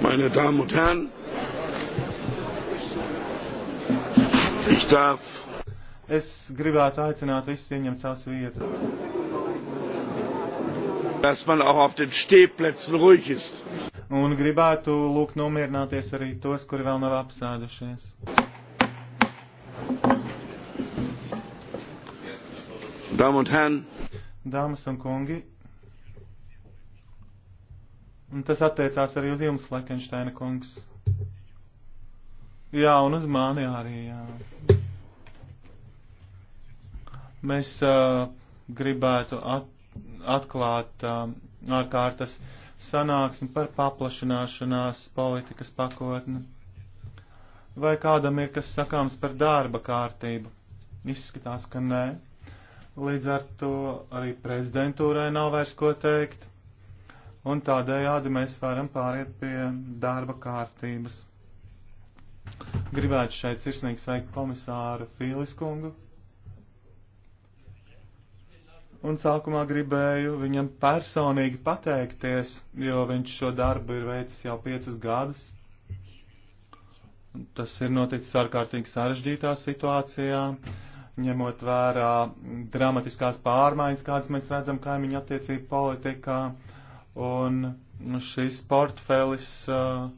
Meine Damen und Herren, ich darf. Es gribētu aicināt visus ieņemt savas vietas. Dass man auch auf den Stehplätzen ruhig ist. Un gribētu lūgt nomierināties arī tos, kuri vēl nav apsēdušies. Damen und Herren. Dāmas un kungi. Un tas attiecās arī uz jums, Lekenšteina kungs. Jā, un uz mani arī, jā. Mēs uh, gribētu at, atklāt uh, ārkārtas sanāksmi par paplašināšanās politikas pakotni. Vai kādam ir kas sakāms par darba kārtību? Izskatās, ka nē. Līdz ar to arī prezidentūrai nav vairs ko teikt, un tādējādi mēs varam pāriet pie darba kārtības. Gribētu šeit sirsnīgi sveikt komisāru Fīliskungu. Un sākumā gribēju viņam personīgi pateikties, jo viņš šo darbu ir veicis jau piecus gadus. Tas ir noticis ārkārtīgi sarežģītā situācijā. Uh, ņemot vērā dramatiskās pārmaiņas, kādas mēs redzam kaimiņu attiecību politikā, un šis portfelis uh,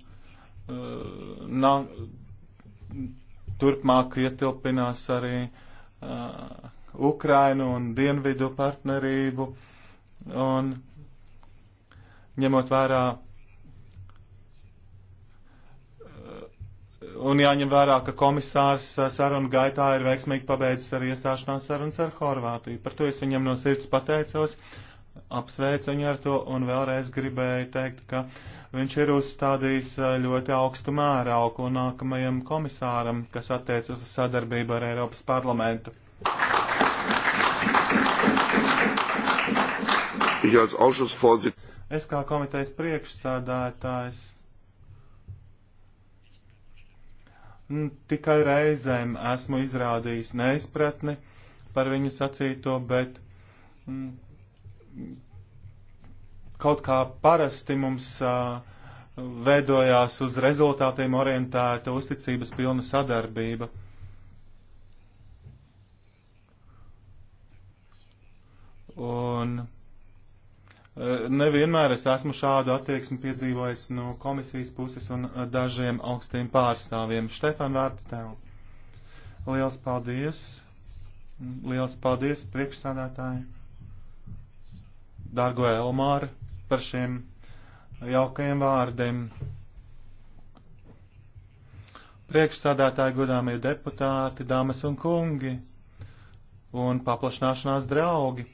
uh, nav, turpmāk ietilpinās arī uh, Ukrainu un Dienvidu partnerību, un ņemot vērā Un jāņem vērā, ka komisārs eh, sarunu gaitā ir veiksmīgi pabeidzis arī iestāšanās sarunas ar Horvātiju. Par to es viņam no sirds pateicos, apsveicu viņu ar to un vēlreiz gribēju teikt, ka viņš ir uzstādījis eh, ļoti augstu mērauku nākamajam komisāram, kas attiecas uz sadarbību ar Eiropas parlamentu. Es kā komitejas priekšsādātājs Tikai reizēm esmu izrādījis neizpratni par viņa sacīto, bet kaut kā parasti mums uh, veidojās uz rezultātiem orientēta uzticības pilna sadarbība. Un Eh, nevienmēr es esmu šādu attieksmi piedzīvojis no komisijas puses un eh, dažiem augstiem pārstāvjiem. Štefan, vārds tev. Liels paldies. Liels paldies priekšsādātāji. Dargo Elmāri par šiem jaukajiem vārdiem. Priekšsādātāji, godāmie deputāti, dāmas un kungi un paplašināšanās draugi.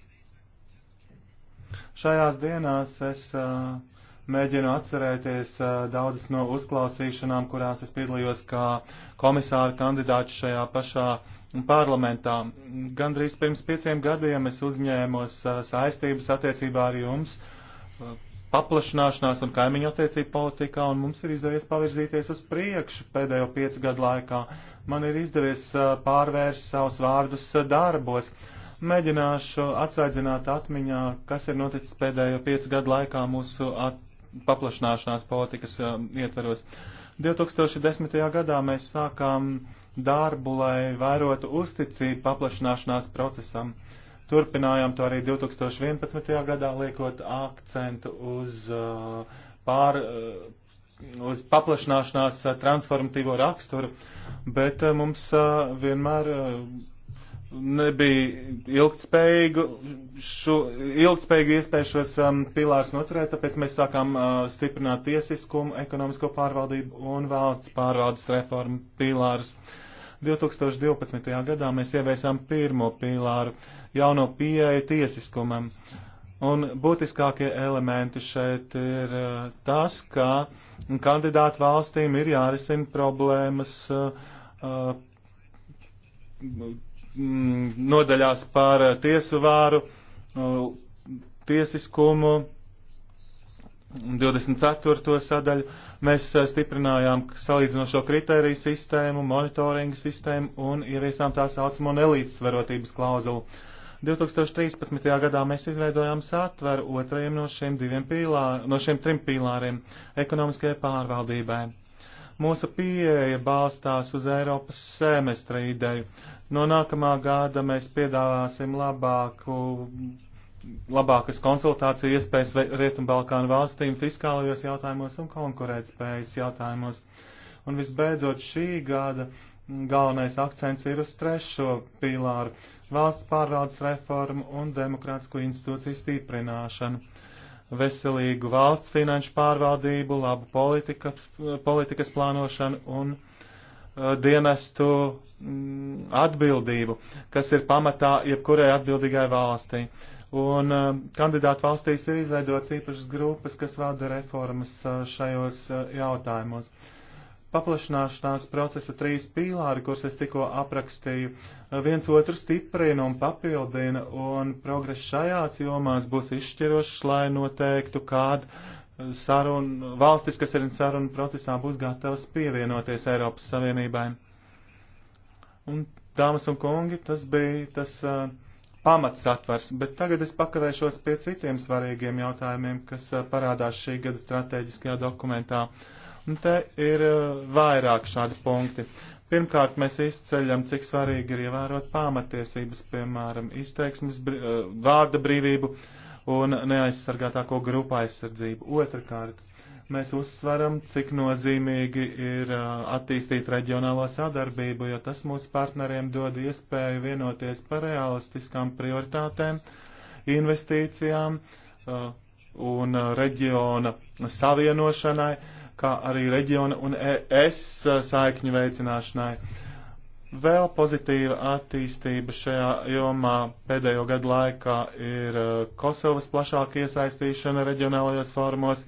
Šajās dienās es uh, mēģinu atcerēties uh, daudzas no uzklausīšanām, kurās es piedalījos kā komisāra kandidāts šajā pašā parlamentā. Gandrīz pirms pieciem gadiem es uzņēmos uh, saistības attiecībā ar jums paplašināšanās un kaimiņu attiecību politikā, un mums ir izdevies pavirzīties uz priekšu pēdējo piecu gadu laikā. Man ir izdevies pārvērst savus vārdus darbos. Uh, Mēģināšu atsvaidzināt atmiņā, kas ir noticis pēdējo piecu gadu laikā mūsu paplašināšanās politikas uh, ietveros. 2010. gadā mēs sākām darbu, lai vērotu uzticību paplašināšanās procesam. Turpinājām to arī 2011. gadā, liekot akcentu uz, uh, pār, uh, uz paplašināšanās uh, transformatīvo raksturu, bet uh, mums uh, vienmēr nebija ilgtspējīga, šo, ilgtspējīga iespēja šos um, pilārus noturēt, tāpēc mēs sākām uh, stiprināt tiesiskumu, ekonomisko pārvaldību un valsts pārvaldes reformu pilārus. 2012. gadā mēs ieviesām pirmo pilāru jauno pieeju tiesiskumam. Un būtiskākie elementi šeit ir uh, tas, ka kandidātu valstīm ir jārisina problēmas uh, uh, Mm, nodaļās par eh, tiesu vāru, eh, tiesiskumu, 24. sadaļu. Mēs eh, stiprinājām salīdzinošo kritēriju sistēmu, monitoringa sistēmu un ieviesām tā saucamo nelīdzsvarotības klauzulu. 2013. gadā mēs izveidojām satveru otrajiem no šiem, diviem pīlā, no šiem trim pīlāriem - ekonomiskajai pārvaldībai. Mūsu pieeja balstās uz Eiropas semestra ideju. No nākamā gada mēs piedāvāsim labāku, labākas konsultāciju iespējas Rietumbalkānu valstīm fiskālajos jautājumos un konkurētspējas jautājumos. Un visbeidzot šī gada galvenais akcents ir uz trešo pīlāru - valsts pārvaldes reformu un demokrātisko institūciju stiprināšanu veselīgu valsts finanšu pārvaldību, labu politika, politikas plānošanu un uh, dienestu mm, atbildību, kas ir pamatā jebkurai atbildīgai valstī. Un uh, kandidātu valstīs ir izveidots īpašas grupas, kas valda reformas uh, šajos uh, jautājumos. Uh, paplašināšanās procesa trīs pīlāri, kurus es tikko aprakstīju, viens otru stiprina un papildina, un progress šajās jomās būs izšķirošs, lai noteiktu, kāda eh, saruna, valstis, kas ir saruna procesā, būs gatavas pievienoties Eiropas Savienībai. Un, dāmas un kungi, tas bija tas. Uh, pamats atvers, bet tagad es pakavēšos pie citiem svarīgiem jautājumiem, kas eh, parādās šī gada strateģiskajā dokumentā. Uh, Un te ir eh, vairāk šādi punkti. Pirmkārt, mēs izceļam, cik svarīgi ir ievērot pamatiesības, piemēram, izteiksmes brī, eh, vārda brīvību un neaizsargātāko grupu aizsardzību. Otrakārt, mēs uzsveram, cik nozīmīgi ir eh, attīstīt reģionālo sadarbību, jo tas mūsu partneriem dod iespēju vienoties par realistiskām prioritātēm, investīcijām un reģiona savienošanai kā arī reģiona un ES uh, saikņu veicināšanai. Vēl pozitīva attīstība šajā jomā pēdējo gadu laikā ir uh, Kosovas plašāka iesaistīšana reģionālajos formos,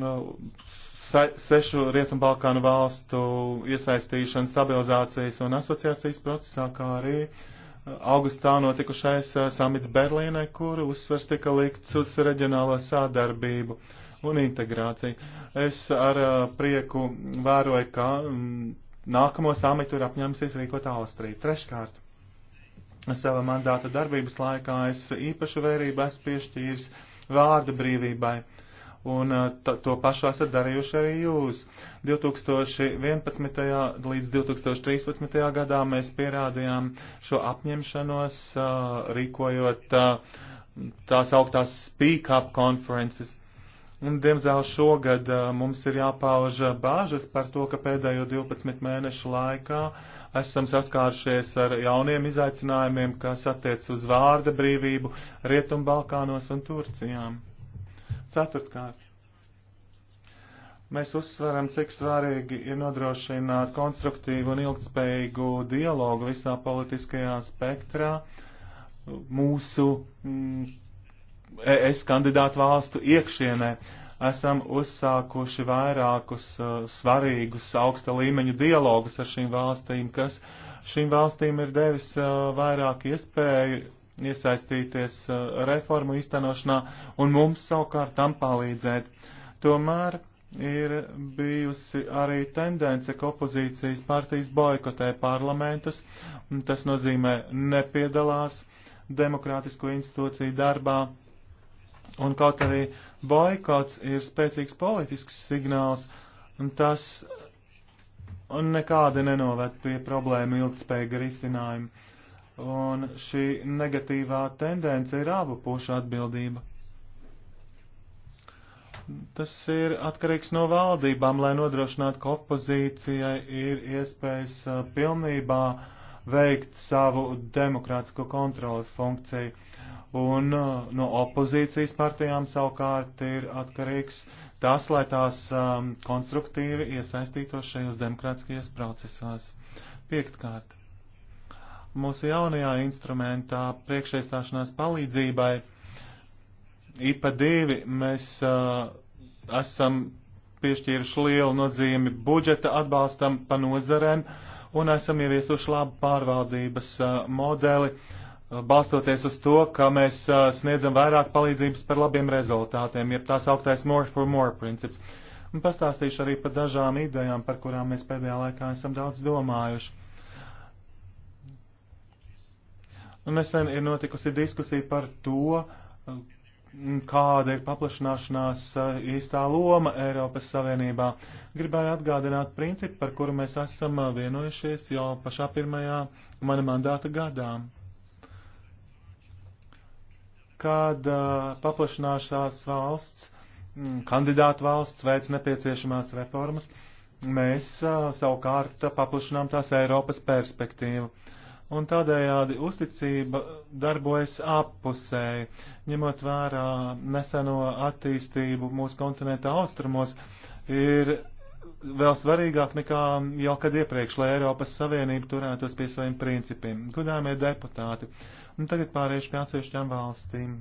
nu, sešu Rietumbalkānu valstu iesaistīšana stabilizācijas un asociācijas procesā, kā arī uh, augustā notikušais samits Berlīnai, kur uzsvers tika likts uz reģionālo sādarbību. Uh, un integrāciju. Es ar uh, prieku vēroju, ka mm, nākamo samitu ir apņēmusies rīkot Austrija. Treškārt, sava mandāta darbības laikā es īpašu vērību esmu piešķīris vārda brīvībai un uh, to pašu esat darījuši arī jūs. 2011. līdz 2013. gadā mēs pierādījām šo apņemšanos, uh, rīkojot tās augtās speak-up konferences. Un, diemžēl šogad mums ir jāpauž bāžas par to, ka pēdējo 12 mēnešu laikā esam saskārušies ar jauniem izaicinājumiem, kas attiec uz vārda brīvību Rietumbalkānos un Turcijām. Ceturtkārt. Mēs uzsveram, cik svarīgi ir nodrošināt konstruktīvu un ilgspējīgu dialogu visā politiskajā spektrā mūsu mm, ES kandidātu valstu iekšienē. Esam uzsākuši vairākus uh, svarīgus augsta līmeņu dialogus ar šīm valstīm, kas šīm valstīm ir devis uh, vairāk iespēju iesaistīties uh, reformu īstenošanā un mums savukārt tam palīdzēt. Tomēr ir bijusi arī tendence, ka opozīcijas partijas boikotē parlamentus. Tas nozīmē nepiedalās demokrātisko institūciju darbā Un kaut arī boikots ir spēcīgs politisks signāls, tas nekādi nenovērt pie problēmu ilgspējīga risinājuma. Un šī negatīvā tendence ir abu pušu atbildība. Tas ir atkarīgs no valdībām, lai nodrošinātu, ka opozīcijai ir iespējas uh, pilnībā veikt savu demokrātisko kontrolas funkciju un uh, no opozīcijas partijām savukārt ir atkarīgs tas, lai tās um, konstruktīvi iesaistītos šajos demokrātiskajos procesos. Piektkārt, mūsu jaunajā instrumentā priekšēstāšanās palīdzībai IPA 2 mēs uh, esam piešķīruši lielu nozīmi budžeta atbalstam pa nozarēm un esam ieviesuši labu pārvaldības uh, modeli. Uh, balstoties uz to, ka mēs sniedzam vairāk palīdzības par labiem rezultātiem, jeb tās augtais more for more princips. Un pastāstīšu arī par dažām idejām, par kurām mēs pēdējā laikā esam daudz domājuši. Un nesen ir notikusi diskusija par to, kāda ir paplašanāšanās īstā loma Eiropas Savienībā. Gribēju atgādināt principu, par kuru mēs esam vienojušies jau pašā pirmajā mana mandāta gadā kad uh, paplašināšās valsts, mm, kandidātu valsts veic nepieciešamās reformas, mēs uh, savukārt paplašinām tās Eiropas perspektīvu. Un tādējādi uzticība darbojas appusēji, ņemot vērā neseno attīstību mūsu kontinenta austrumos, ir vēl svarīgāk nekā jau kad iepriekš, lai Eiropas Savienība turētos pie saviem principiem. Godāmie deputāti, un tagad pāriešu pie atsevišķām valstīm.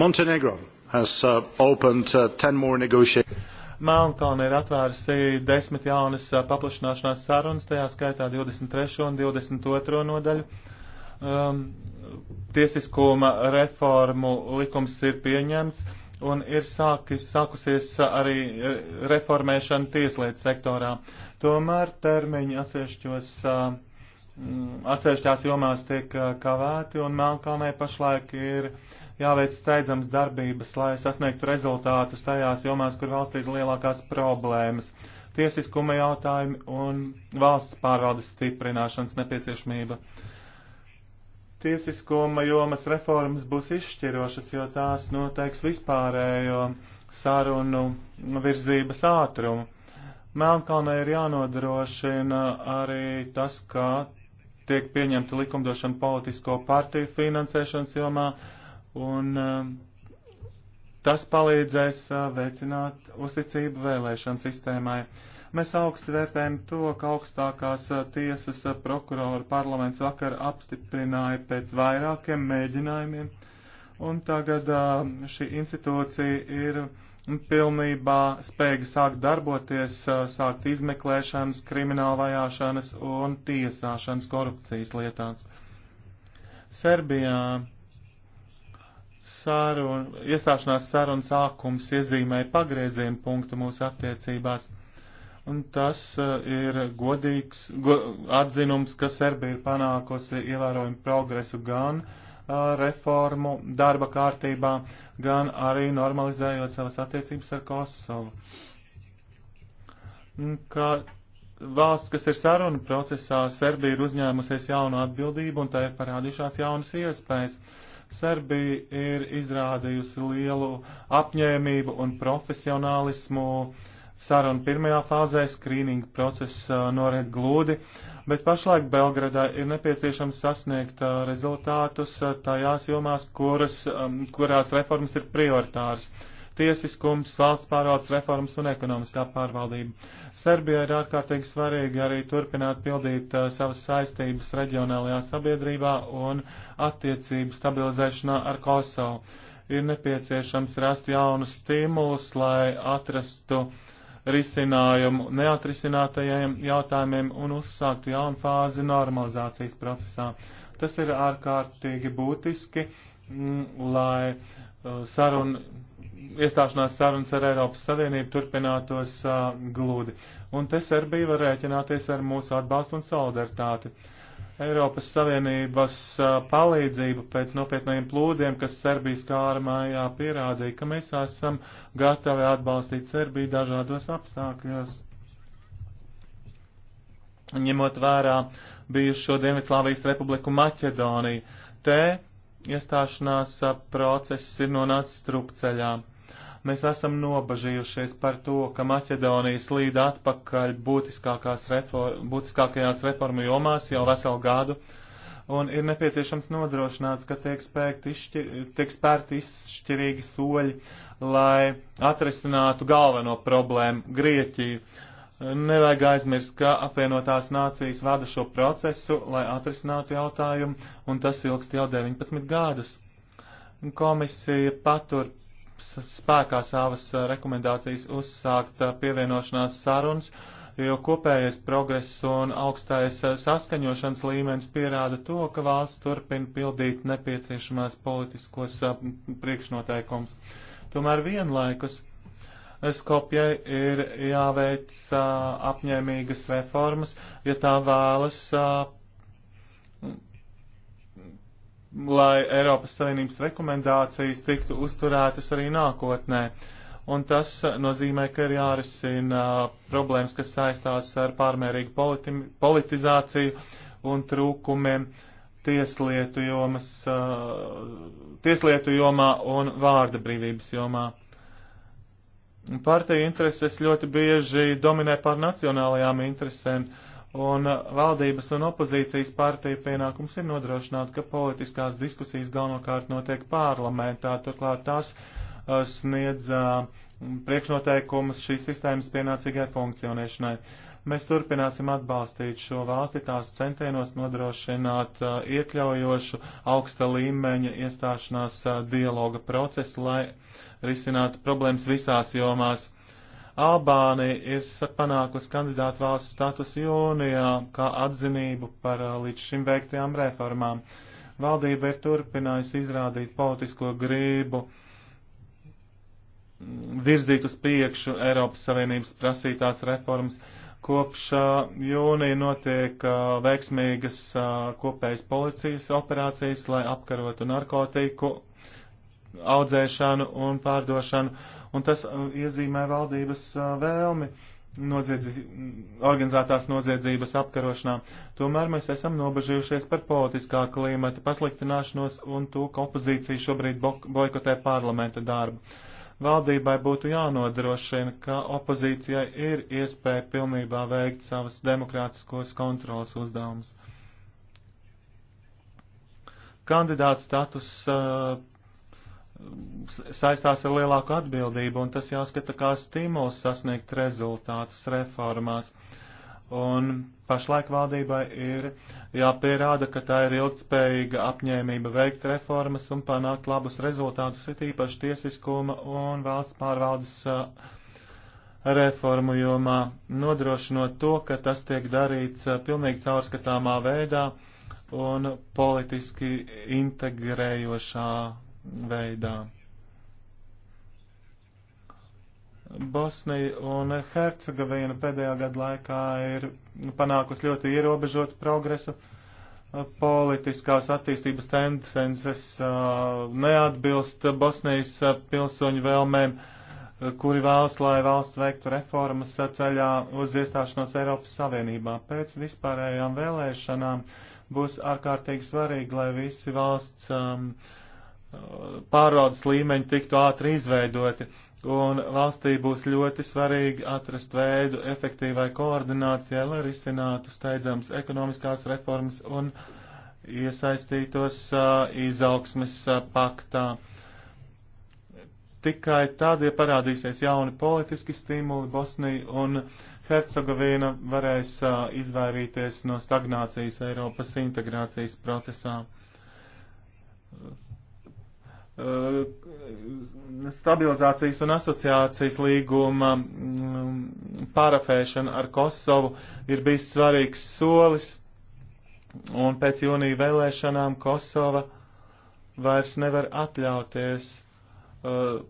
Montenegro has uh, opened uh, 10 more negotiations. Melnkalna ir atvērusi desmit jaunas uh, paplašināšanās sarunas, tajā skaitā 23. un 22. nodaļu. Um, tiesiskuma reformu likums ir pieņemts un ir sākis, sākusies arī e, reformēšana tieslietu sektorā. Tomēr termiņi atsevišķos, e, mm, atsevišķās jomās tiek e, kavēti un Melkalnē pašlaik ir jāveic steidzams darbības, lai sasniegtu rezultātus tajās jomās, kur valstī ir lielākās problēmas - tiesiskuma jautājumi un valsts pārvaldes stiprināšanas nepieciešamība. Uh, Tiesiskuma jomas reformas būs izšķirošas, jo tās noteiks vispārējo sarunu virzības ātrumu. Melnkalnē ir jānodrošina arī tas, ka tiek pieņemta likumdošana politisko partiju finansēšanas jomā, un eh, tas palīdzēs eh, veicināt uzticību vēlēšanu sistēmai. Mēs augstu vērtējam to, ka augstākās eh, tiesas eh, prokurora parlaments vakar apstiprināja pēc vairākiem mēģinājumiem, un tagad eh, šī institūcija ir pilnībā spēja sākt darboties, sākt izmeklēšanas, kriminālvajāšanas un tiesāšanas korupcijas lietās. Serbijā sarun, iestāšanās sarunu sākums iezīmēja pagriezienu punktu mūsu attiecībās un tas uh, ir godīgs go, atzinums, ka Serbija ir panākusi ievērojumu progresu gan a, uh, reformu darba kārtībā, gan arī normalizējot savas attiecības ar Kosovu. Kā valsts, kas ir saruna procesā, Serbija ir uzņēmusies jaunu atbildību un tā ir parādījušās jaunas iespējas. Serbija ir izrādījusi lielu apņēmību un profesionālismu uh, Saruna pirmajā fāzē skrīninga process norit glūdi, bet pašlaik Belgradā ir nepieciešams sasniegt rezultātus tajās jomās, kuras, kurās reformas ir prioritāras tiesiskums, valsts pārvaldes reformas un ekonomiskā pārvaldība. Serbija ir ārkārtīgi svarīgi arī turpināt pildīt uh, savas saistības reģionālajā sabiedrībā un attiecību stabilizēšanā ar Kosovu. Ir nepieciešams rast jaunus stimulus, lai atrastu uh, risinājumu neatrisinātajiem jautājumiem un uzsāktu jaunu fāzi normalizācijas procesā. Tas ir ārkārtīgi būtiski, m, mm, lai uh, sarun, iestāšanās sarunas ar Eiropas Savienību turpinātos uh, glūdi. Un te Serbija var rēķināties ar mūsu atbalstu un solidaritāti. Uh, Eiropas Savienības palīdzību pēc nopietniem plūdiem, kas Serbijas kārmājā pierādīja, ka mēs esam gatavi atbalstīt Serbiju dažādos apstākļos. Ņemot vērā bijušo Dienvidslāvijas republiku Maķedoniju, te iestāšanās process ir nonācis strupceļā. Mēs esam nobažījušies par to, ka Maķedonija slīd atpakaļ reform, būtiskākajās reformu jomās jau veselu gadu, un ir nepieciešams nodrošināts, ka tiek, izšķir, tiek spērti izšķirīgi soļi, lai atrisinātu galveno problēmu - Grieķiju. Nevajag aizmirst, ka apvienotās nācijas vada šo procesu, lai atrisinātu jautājumu, un tas ilgst jau 19 gadus. Komisija patur spēkā savas eh, rekomendācijas uzsākt eh, pievienošanās sarunas, jo kopējais progress un augstais eh, saskaņošanas līmenis pierāda to, ka valsts turpina pildīt nepieciešamās politiskos priekšnoteikums. Tomēr vienlaikus Skopjai ir jāveic apņēmīgas reformas, ja tā vēlas lai Eiropas Savienības rekomendācijas tiktu uzturētas arī nākotnē. Un tas uh, nozīmē, ka ir jārisina uh, problēmas, kas saistās ar pārmērīgu politi politizāciju un trūkumiem tieslietu, jomas, uh, tieslietu jomā un vārda brīvības jomā. Partija intereses ļoti bieži dominē pār nacionālajām interesēm. Uh, Un uh, valdības un opozīcijas partija pienākums ir nodrošināt, ka politiskās diskusijas galvenokārt notiek parlamentā, turklāt tās uh, sniedz uh, priekšnoteikumus šīs sistēmas pienācīgai funkcionēšanai. Mēs turpināsim atbalstīt šo valsti tās centienos nodrošināt iekļaujošu augsta līmeņa iestāšanās dialoga procesu, lai risinātu problēmas visās jomās Albānija ir panākusi kandidātu valsts status jūnijā kā atzinību par līdz šim veiktajām reformām. Valdība ir turpinājusi izrādīt politisko grību virzīt uz priekšu Eiropas Savienības prasītās reformas. Kopš jūnija notiek veiksmīgas kopējas policijas operācijas, lai apkarotu narkotiku audzēšanu un pārdošanu un tas uh, iezīmē valdības uh, vēlmi noziedzis, organizētās noziedzības apkarošanā. Tomēr mēs esam nobežījušies par politiskā klimata pasliktināšanos un to, ka opozīcija šobrīd boikotē parlamenta darbu. Valdībai būtu jānodrošina, ka opozīcijai ir iespēja pilnībā veikt savas demokrātiskos kontrolas uzdevumus. Kandidāts status uh, saistās ar lielāku atbildību, un tas jāskata kā stimuls sasniegt rezultātus reformās. Un pašlaik valdībai ir jāpierāda, ka tā ir ilgspējīga apņēmība veikt reformas un panākt labus rezultātus, it īpaši tiesiskuma un valsts pārvaldes reformu jomā, nodrošinot to, ka tas tiek darīts pilnīgi caurskatāmā veidā un politiski integrējošā veidā. Bosnija un Hercegovina pēdējā gada laikā ir panākusi ļoti ierobežotu progresu. Politiskās attīstības tendences uh, neatbilst Bosnijas uh, pilsoņu vēlmēm, uh, kuri vēlas, lai valsts veiktu reformas ceļā uz iestāšanos Eiropas Savienībā. Pēc vispārējām vēlēšanām būs ārkārtīgi svarīgi, lai visi valsts um, uh, pārvaldes līmeņi tiktu ātri izveidoti, un valstī būs ļoti svarīgi atrast veidu efektīvai koordinācijai, lai risinātu steidzams ekonomiskās reformas un iesaistītos uh, izaugsmes uh, paktā. Tikai tad, ja parādīsies jauni politiski stimuli, Bosnija un Hercegovina varēs uh, izvairīties no stagnācijas Eiropas integrācijas procesā Uh, stabilizācijas un asociācijas līguma mm, parafēšana ar Kosovu ir bijis svarīgs solis, un pēc jūnija vēlēšanām Kosova vairs nevar atļauties uh,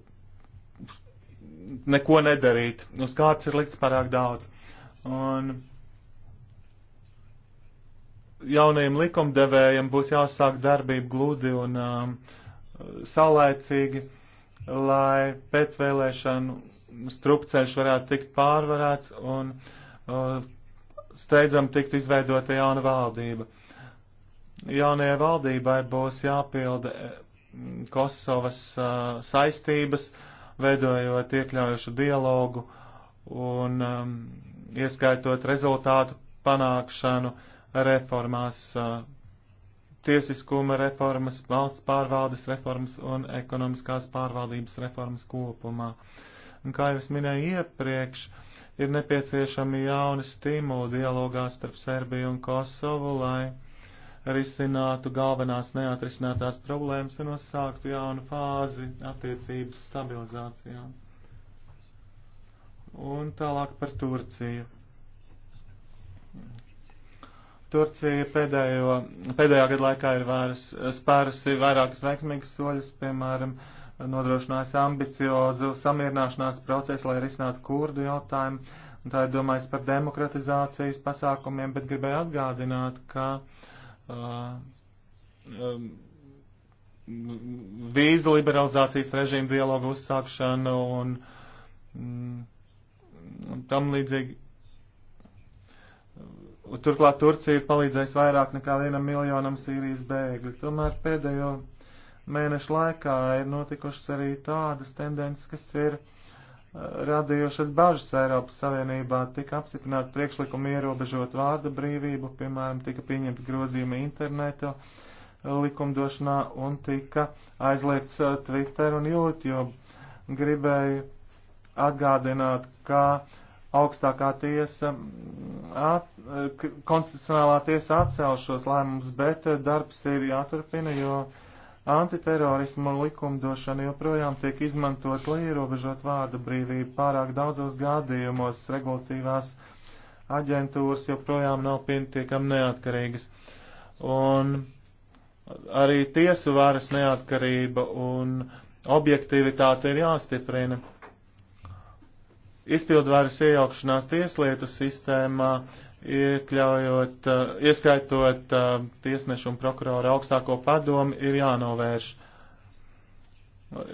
neko nedarīt. Uz kārtas ir likts pārāk daudz. Un jaunajiem likumdevējiem būs jāsāk darbība gludi un uh, saulaicīgi, lai pēcvēlēšanu strupceļš varētu tikt pārvarēts un uh, steidzam tikt izveidota jauna valdība. Jaunajai valdībai būs jāpilda mm, Kosovas uh, saistības, veidojot iekļaujušu dialogu un um, ieskaitot rezultātu panākšanu reformās uh, tiesiskuma reformas, valsts pārvaldes reformas un ekonomiskās pārvaldības reformas kopumā. Un kā jau es minēju iepriekš, ir nepieciešami jauni stimuli dialogā starp Serbiju un Kosovu, lai risinātu galvenās neatrisinātās problēmas un uzsāktu jaunu fāzi attiecības stabilizācijā. Un tālāk par Turciju. Turcija pēdējo, pēdējā gada laikā ir vairs, spērusi vairākus veiksmīgus soļus, piemēram, nodrošinājusi ambiciozu samierināšanās procesu, lai risinātu kurdu jautājumu. Un tā ir domājis par demokratizācijas pasākumiem, bet gribēju atgādināt, ka uh, um, vīzu liberalizācijas režīmu dialogu uzsākšanu un mm, tam līdzīgi Turklāt Turcija ir palīdzējusi vairāk nekā vienam miljonam Sīrijas bēgļu. Tomēr pēdējo mēnešu laikā ir notikušas arī tādas tendences, kas ir uh, radījušas bažas Eiropas Savienībā. Tika apstiprināta priekšlikuma ierobežot vārda brīvību, piemēram, tika pieņemta grozījuma interneta likumdošanā un tika aizliegts uh, Twitter un YouTube. Gribēju atgādināt, ka uh, augstākā tiesa, mm, at, konstitucionālā tiesa atcēl šos lēmumus, bet eh, darbs ir jāturpina, jo antiterorismu likumdošana joprojām tiek izmantot, lai ierobežot vārda brīvību pārāk daudzos gadījumos regulatīvās aģentūras joprojām nav pietiekam neatkarīgas. Un arī tiesu varas neatkarība un objektivitāte ir jāstiprina izpildvaras iejaukšanās tieslietu sistēmā, iekļaujot, uh, ieskaitot uh, tiesnešu un prokuroru augstāko padomu, ir jānovērš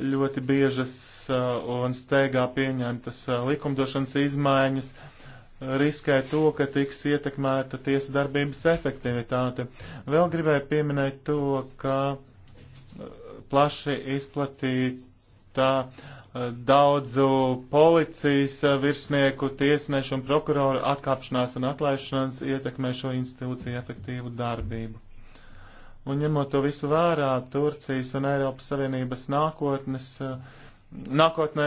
ļoti biežas uh, un steigā pieņemtas likumdošanas izmaiņas riskē to, ka tiks ietekmēta tiesa darbības efektivitāte. Vēl gribēju pieminēt to, ka plaši izplatīta uh, daudzu policijas virsnieku, tiesnešu un prokuroru atkāpšanās un atlaišanas ietekmē šo institūciju efektīvu darbību. Un ņemot to visu vērā, Turcijas un Eiropas Savienības nākotnes, nākotnē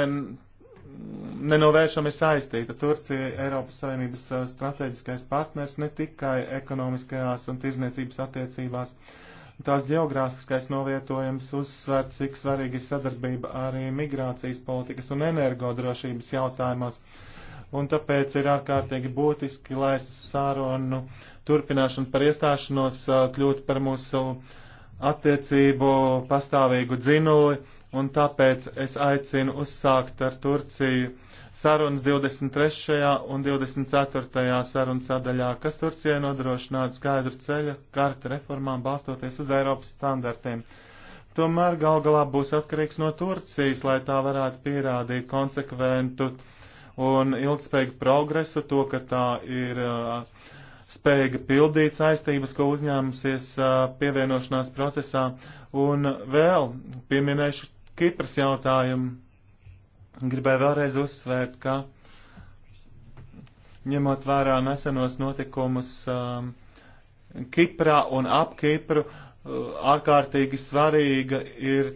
nenovēršami saistīta. Turcija ir Eiropas Savienības strateģiskais partners ne tikai ekonomiskajās un tirzniecības attiecībās, uh, Tās geogrāfiskais novietojums uzsver, cik svarīgi ir sadarbība arī migrācijas politikas un energodrošības jautājumos. Un tāpēc ir ārkārtīgi būtiski, lai sārunu turpināšana par iestāšanos kļūtu par mūsu attiecību pastāvīgu dzinuli, un tāpēc es aicinu uzsākt ar Turciju uh, sarunas 23. un 24. sarunas sadaļā, kas Turcijai nodrošinātu skaidru ceļa karti reformām balstoties uz Eiropas standartiem. Tomēr gal galā būs atkarīgs no Turcijas, lai tā varētu pierādīt konsekventu un ilgspējīgu progresu, to, ka tā ir uh, spēja pildīt saistības, ko uzņēmusies uh, pievienošanās procesā, un vēl pieminēšu Kipras jautājumu Gribēju vēlreiz uzsvērt, ka ņemot vērā nesenos notikumus um, Kiprā un ap Kipru, uh, ārkārtīgi svarīga ir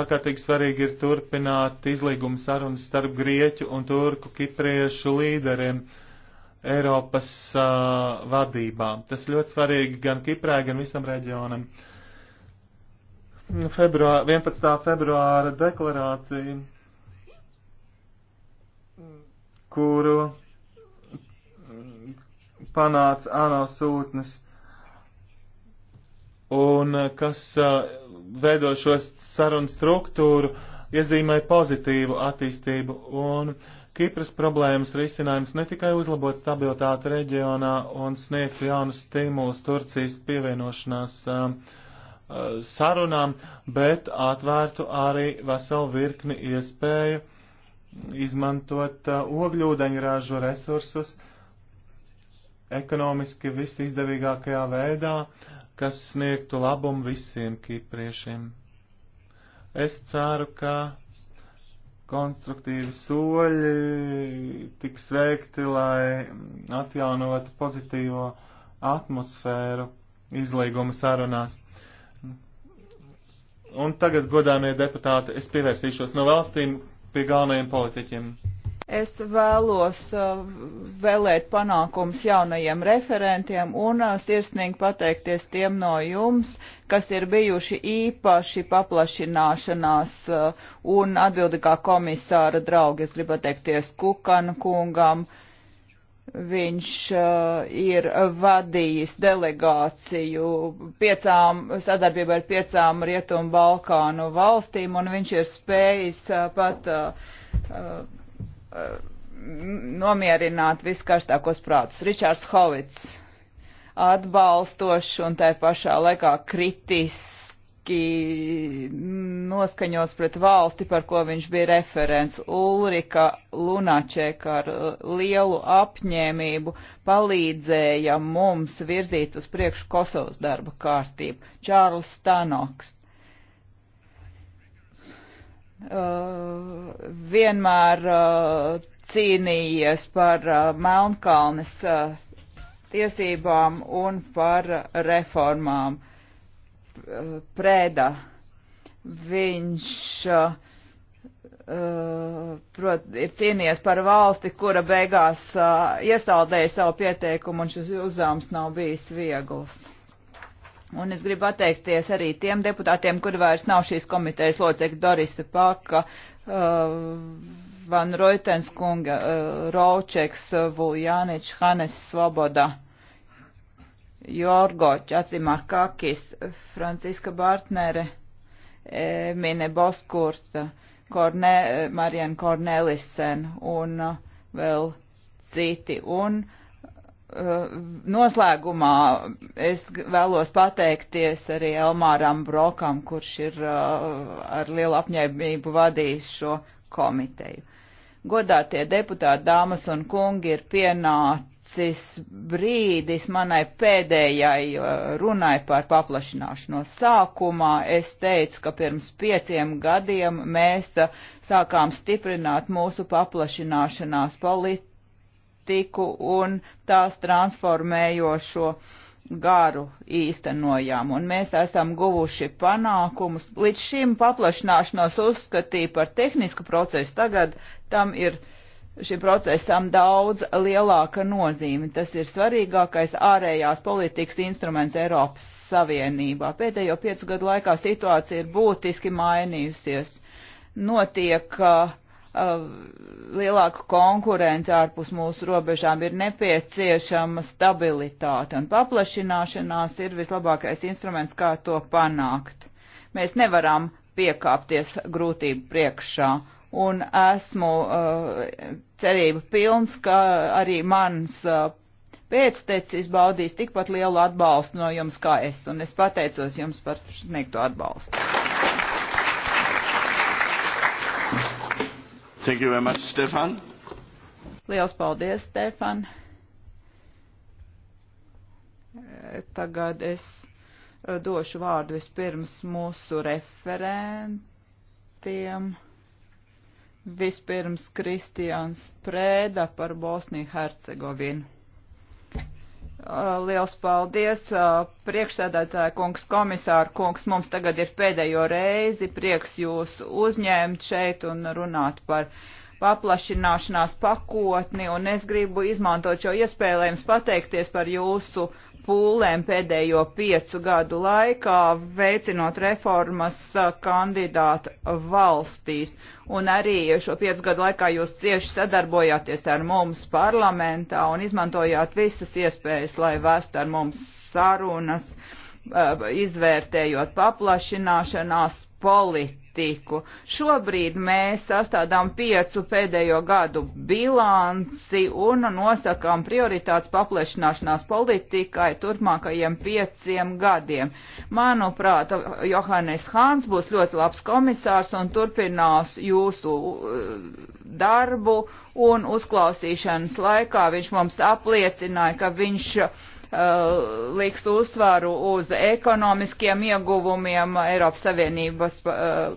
ārkārtīgi svarīgi ir turpināt izlīguma sarunas starp grieķu un turku kipriešu līderiem Eiropas uh, vadībā. Tas ļoti svarīgi gan Kiprē, gan visam reģionam. Februā, 11. februāra deklarācija kuru panāca ANO sūtnes un kas veido šo sarunu struktūru, iezīmē pozitīvu attīstību. Un Kipras problēmas risinājums ne tikai uzlabot stabilitāti reģionā un sniegt jaunus stimulus Turcijas pievienošanās um, sarunām, bet atvērtu arī veselu virkni iespēju izmantot uh, ogļūdeņražu resursus ekonomiski visizdevīgākajā veidā, kas sniegtu labumu visiem kipriešiem. Es ceru, ka konstruktīvi soļi tiks veikti, lai atjaunotu pozitīvo atmosfēru izlīguma sarunās. Un tagad, godāmie deputāti, es pievērsīšos no valstīm, pie galvenajiem politiķiem. Es vēlos uh, vēlēt panākums jaunajiem referentiem un uh, sirsnīgi pateikties tiem no jums, kas ir bijuši īpaši paplašināšanās uh, un atbildīgā komisāra draugi. Es gribu pateikties Kukan kungam, uh, Viņš uh, ir vadījis delegāciju piecām, sadarbībā ar piecām Rietumu Balkānu valstīm, un viņš ir spējis uh, pat uh, uh, nomierināt viskarstākos prātus. Ričards Hovits atbalstošs un tai pašā laikā kritisks kritiski noskaņos pret valsti, par ko viņš bija referents. Ulrika Lunačēka ar lielu apņēmību palīdzēja mums virzīt uz priekšu Kosovas darba kārtību. Čārls Stanoks. Uh, vienmēr uh, cīnījies par uh, Melnkalnes uh, tiesībām un par uh, reformām. Uh, Prēda. Viņš uh, Uh, prot, ir cīnījies par valsti, kura beigās uh, iesaldēja savu pieteikumu, un šis uzdevums nav bijis viegls. Un es gribu atteikties arī tiem deputātiem, kuri vairs nav šīs komitejas locekļi Dorisa Paka, uh, Van Roitenskunga, uh, Raučeks, uh, Vuljānič, Hanes Svoboda. Jorgoķu, atzīmā Kakis, Franciska Bartnere, Mine Boskurta, Korne, Marian Kornelisen un uh, vēl citi. Un uh, noslēgumā es vēlos pateikties arī Elmāram Brokam, kurš ir uh, ar lielu apņēmību vadījis šo komiteju. Godātie deputāti, dāmas un kungi, ir pienācis īsis brīdis manai pēdējai uh, runai par paplašināšanos. Sākumā es teicu, ka pirms pieciem gadiem mēs uh, sākām stiprināt mūsu paplašināšanās politiku un tās transformējošo garu īstenojām, un mēs esam guvuši panākumus. Līdz šim paplašināšanos uzskatīja par tehnisku procesu, tagad tam ir uh, šim procesam daudz lielāka nozīme. Tas ir svarīgākais ārējās politikas instruments Eiropas Savienībā. Pēdējo piecu gadu laikā situācija ir būtiski mainījusies. Notiek uh, lielāka konkurence ārpus mūsu robežām ir nepieciešama stabilitāte, un paplašināšanās ir vislabākais instruments, kā to panākt. Mēs nevaram piekāpties grūtību priekšā, un esmu uh, cerību pilns, ka arī mans uh, pēctecis baudīs tikpat lielu atbalstu no jums kā es, un es pateicos jums par sniegto atbalstu. Thank you very much, Stefan. Liels paldies, Stefan. Eh, tagad es eh, došu vārdu vispirms mūsu referentiem. Vispirms Kristiāns Prēda par Bosniju Hercegovinu. Liels paldies, priekšsēdētāja kungs, komisāra kungs, mums tagad ir pēdējo reizi prieks jūs uzņēmt šeit un runāt par paplašināšanās pakotni, un es gribu izmantot šo iespēju, lai jums pateikties par jūsu pūlēm pēdējo piecu gadu laikā, veicinot reformas kandidāta valstīs. Un arī šo piecu gadu laikā jūs cieši sadarbojāties ar mums parlamentā un izmantojāt visas iespējas, lai vēstu ar mums sarunas, izvērtējot paplašināšanās politiku politiku. Šobrīd mēs sastādām piecu pēdējo gadu bilanci un nosakām prioritātes paplašināšanās politikai turpmākajiem pieciem gadiem. Manuprāt, Johannes Hāns būs ļoti labs komisārs un turpinās jūsu uh, darbu un uzklausīšanas laikā viņš mums apliecināja, ka viņš Uh, liks uzsvaru uz ekonomiskiem ieguvumiem Eiropas Savienības uh,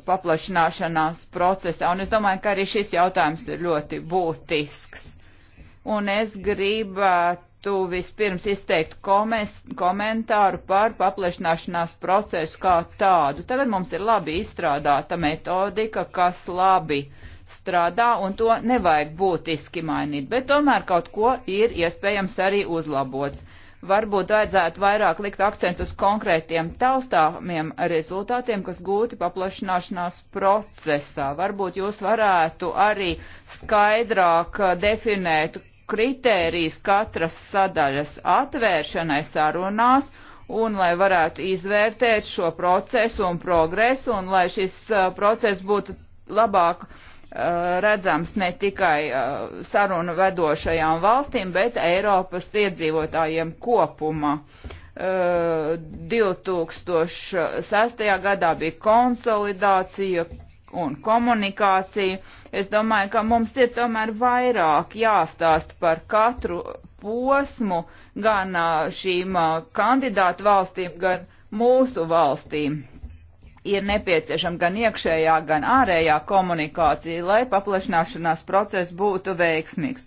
paplašināšanās procesā. Un es domāju, ka arī šis jautājums ir ļoti būtisks. Un es gribētu vispirms izteikt komes, komentāru par paplašināšanās procesu kā tādu. Tagad mums ir labi izstrādāta metodika, kas labi strādā, un to nevajag būtiski mainīt, bet tomēr kaut ko ir iespējams arī uzlabots varbūt vajadzētu vairāk likt akcentu uz konkrētiem taustāmiem rezultātiem, kas gūti paplašināšanās procesā. Varbūt jūs varētu arī skaidrāk definēt kritērijas katras sadaļas atvēršanai sarunās un lai varētu izvērtēt šo procesu un progresu un lai šis eh, process būtu labāk Eh, redzams ne tikai eh, sarunu vedošajām valstīm, bet Eiropas iedzīvotājiem kopumā. 2006. Eh, gadā bija konsolidācija un komunikācija. Es domāju, ka mums ir tomēr vairāk jāstāst par katru posmu gan šīm kandidātu valstīm, gan mūsu valstīm ir nepieciešama gan iekšējā, gan ārējā komunikācija, lai paplašināšanās process būtu veiksmīgs.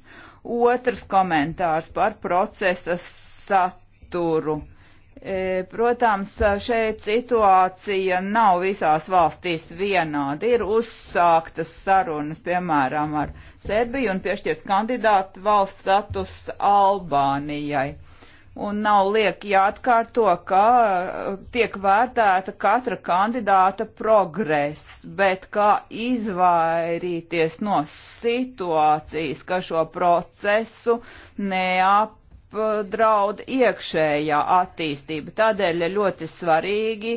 Otrs komentārs par procesa saturu. E, protams, šeit situācija nav visās valstīs vienāda. Ir uzsāktas sarunas, piemēram, ar Serbiju un piešķirs kandidātu valsts status Albānijai un nav lieki jāatkārto, ka uh, tiek vērtēta katra kandidāta progress, bet kā izvairīties no situācijas, ka šo procesu neap draud iekšējā attīstība. Tādēļ ir ļoti svarīgi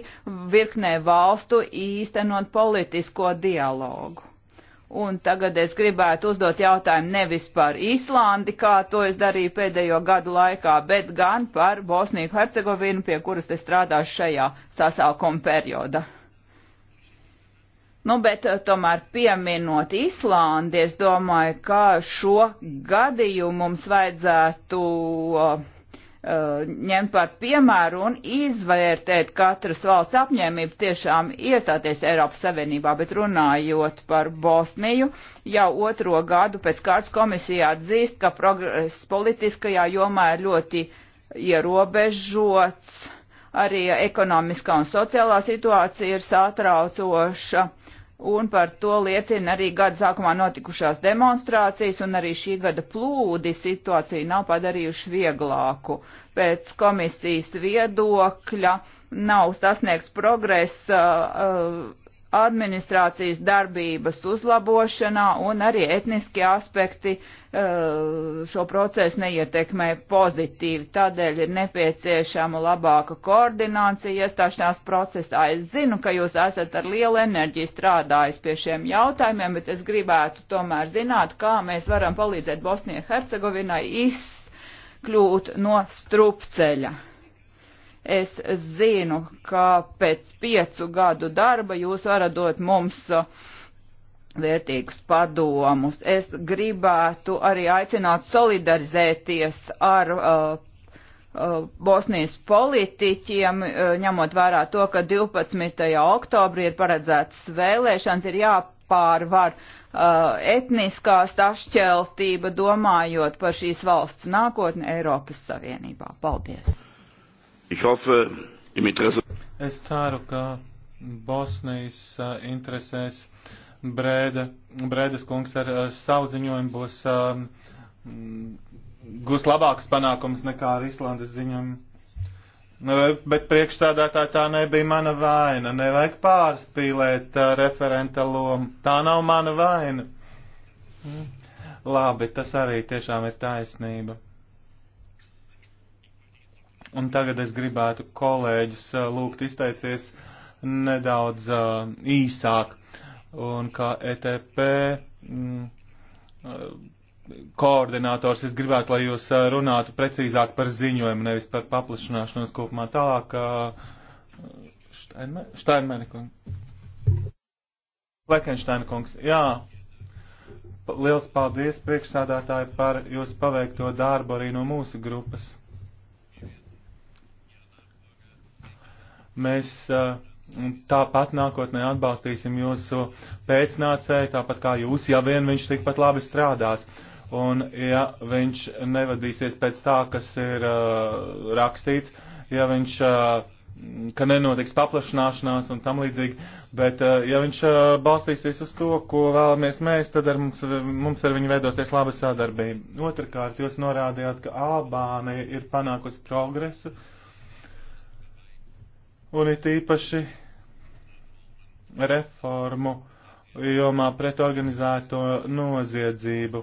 virknē valstu īstenot politisko dialogu. Un tagad es gribētu uzdot jautājumu nevis par Īslandi, kā to es darīju pēdējo gadu laikā, bet gan par Bosniju Hercegovinu, pie kuras es strādāšu šajā sasaukuma periodā. Nu, bet eh, tomēr pieminot Īslandi, es domāju, ka šo gadījumu mums vajadzētu uh, Uh, ņemt par piemēru un izvērtēt katras valsts apņēmību tiešām iestāties Eiropas Savienībā, bet runājot par Bosniju, jau otro gadu pēc kārtas komisijā atzīst, ka progress politiskajā jomā ir ļoti ierobežots, arī ekonomiskā un sociālā situācija ir satraucoša un par to liecina arī gada sākumā notikušās demonstrācijas, un arī šī gada plūdi situāciju nav padarījuši vieglāku. Pēc komisijas viedokļa nav sasniegts progress. Uh, uh, administrācijas darbības uzlabošanā un arī etniskie aspekti eh, šo procesu neietekmē pozitīvi. Tādēļ ir nepieciešama labāka koordinācija iestāšanās procesā. Es zinu, ka jūs esat ar lielu enerģiju strādājis pie šiem jautājumiem, bet es gribētu tomēr zināt, kā mēs varam palīdzēt Bosnijai Hercegovinai izkļūt no strupceļa. Es zinu, ka pēc piecu gadu darba jūs varat dot mums uh, vērtīgus padomus. Es gribētu arī aicināt solidarizēties ar uh, uh Bosnijas politiķiem, uh, ņemot vērā to, ka 12. oktobrī ir paredzētas vēlēšanas, ir jāpārvar uh, etniskā stašķeltība, domājot par šīs valsts nākotni Eiropas Savienībā. Paldies! Ich hoffe, im Interesse. Es ceru, ka Bosnijas uh, interesēs Brēda, Brēdas kungs ar, ar uh, savu ziņojumu būs, um, gūs labākus panākumus nekā ar Islandes ziņojumu. Nu, bet priekšstādātāji tā nebija mana vaina. Nevajag pārspīlēt uh, referenta lomu. Tā nav mana vaina. Labi, tas arī tiešām ir taisnība. Un tagad es gribētu kolēģus lūgt izteicies nedaudz uh, īsāk. Un kā ETP mm, koordinators, es gribētu, lai jūs runātu precīzāk par ziņojumu, nevis par paplašināšanos kopumā tālāk. Uh, Steinmēne kungs. Lekensteina kungs, jā. Liels paldies priekšsādātāji par jūsu paveikto darbu arī no mūsu grupas. Mēs eh, tāpat nākotnē atbalstīsim jūsu pēcnācēju, tāpat kā jūs, ja vien viņš tikpat labi strādās. Un ja viņš nevadīsies pēc tā, kas ir uh, rakstīts, ja viņš, uh, ka nenotiks paplašanāšanās un tam līdzīgi, bet uh, ja viņš uh, balstīsies uz to, ko vēlamies mēs, tad ar mums, mums ar viņu veidosies laba sadarbība. Otrakārt, jūs norādījāt, ka Albānija ir panākusi progresu. Uh, un it īpaši reformu jomā pret organizēto noziedzību.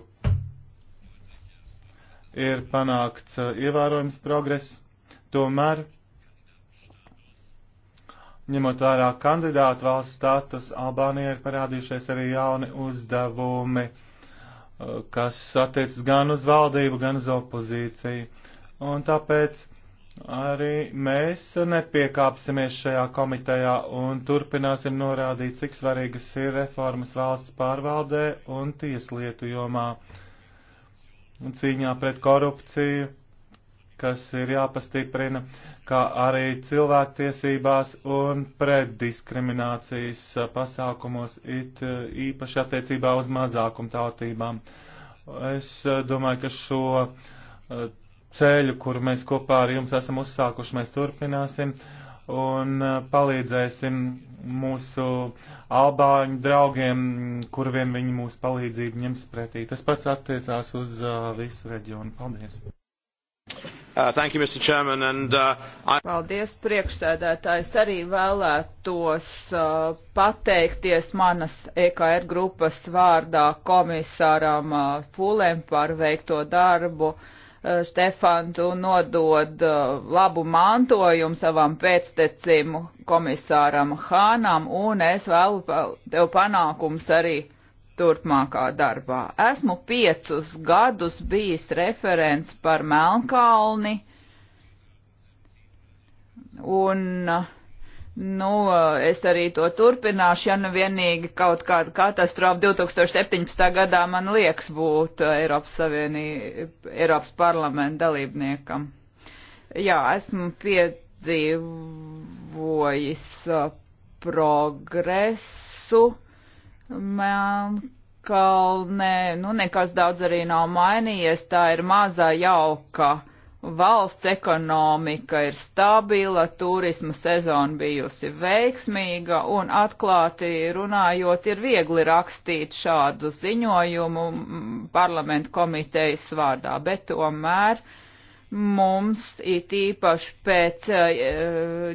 Ir panākts uh, ievērojams progress, tomēr, ņemot vērā kandidātu valsts status, Albānijai ir parādījušies arī jauni uzdevumi, uh, kas attiecas gan uz valdību, gan uz opozīciju. Un tāpēc Arī mēs nepiekāpsimies šajā komitejā un turpināsim norādīt, cik svarīgas ir reformas valsts pārvaldē un tieslietu jomā cīņā pret korupciju, kas ir jāpastiprina, kā arī cilvēktiesībās un pret diskriminācijas pasākumos, it īpaši attiecībā uz mazākumtautībām. Es eh, domāju, ka šo eh, ceļu, kuru mēs kopā ar jums esam uzsākuši, mēs turpināsim un uh, palīdzēsim mūsu albāņu draugiem, kur vien viņi mūsu palīdzību ņems pretī. Tas pats attiecās uz uh, visu reģionu. Paldies! Uh, thank you, Mr. Chairman, and, uh, I... Paldies, priekšsēdētājs. Arī vēlētos uh, pateikties manas EKR grupas vārdā komisāram uh, Fulem par veikto darbu. Uh, Eh, Stefan, tu nodod eh, labu mantojumu savam pēctecim komisāram Hānam, un es vēlu tev panākums arī turpmākā darbā. Esmu piecus gadus bijis referents par Melnkalni, un uh, Nu, eh, es arī to turpināšu, ja nu vienīgi kaut kāda katastrofa 2017. gadā man liekas būt eh, Eiropas Savienī, Eiropas parlamenta dalībniekam. Jā, esmu piedzīvojis eh, progresu Melnkalnē, nu nekas daudz arī nav mainījies, tā ir mazā jauka valsts ekonomika ir stabila, turisma sezona bijusi veiksmīga un atklāti runājot ir viegli rakstīt šādu ziņojumu parlamentu komitejas vārdā, bet tomēr mums it īpaši pēc e,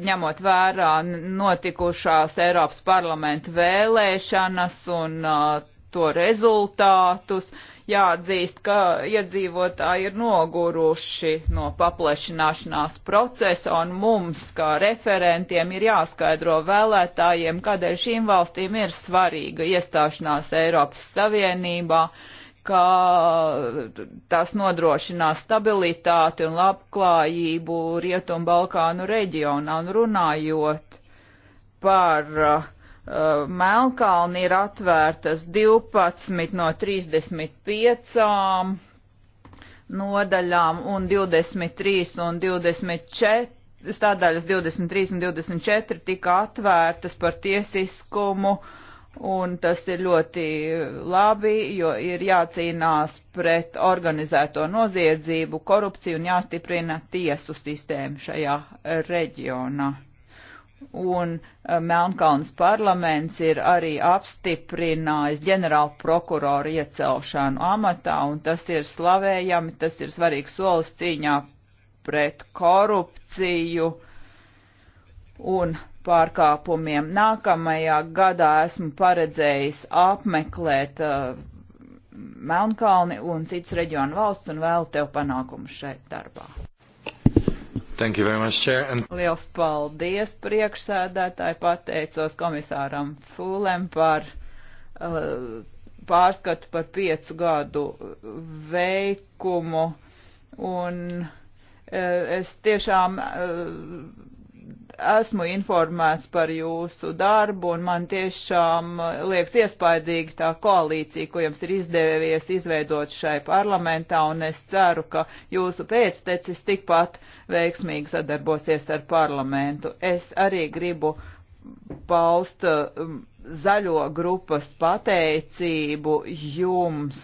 ņemot vērā notikušās Eiropas parlamenta vēlēšanas un e, to rezultātus, jāatzīst, ka iedzīvotāji ir noguruši no paplašināšanās procesa, un mums, kā referentiem, ir jāskaidro vēlētājiem, kādēļ šīm valstīm ir svarīga iestāšanās Eiropas Savienībā, ka tas nodrošinās stabilitāti un labklājību Rietumbalkānu reģionā, un runājot par uh, Uh, Melnkalni ir atvērtas 12 no 35 nodaļām un 23 un 24. Stādaļas 23 un 24 tika atvērtas par tiesiskumu, un tas ir ļoti labi, jo ir jācīnās pret organizēto noziedzību, korupciju un jāstiprina tiesu sistēmu šajā reģionā un eh, Melnkalnas parlaments ir arī apstiprinājis ģenerālu prokuroru iecelšanu amatā, un tas ir slavējami, tas ir svarīgs solis cīņā pret korupciju un pārkāpumiem. Nākamajā gadā esmu paredzējis apmeklēt uh, Melnkalni un citas reģionu valsts un vēl tev panākumu šeit darbā. Thank you very much, Chair. And... Liels paldies priekšsēdētāji, pateicos komisāram Fūlem par uh, pārskatu par piecu gadu veikumu un uh, es tiešām uh, esmu informēts par jūsu darbu, un man tiešām eh, liekas iespaidīgi tā koalīcija, ko jums ir izdevies izveidot šai parlamentā, un es ceru, ka jūsu pēctecis tikpat veiksmīgi sadarbosies ar parlamentu. Es arī gribu paust. Um, zaļo grupas pateicību jums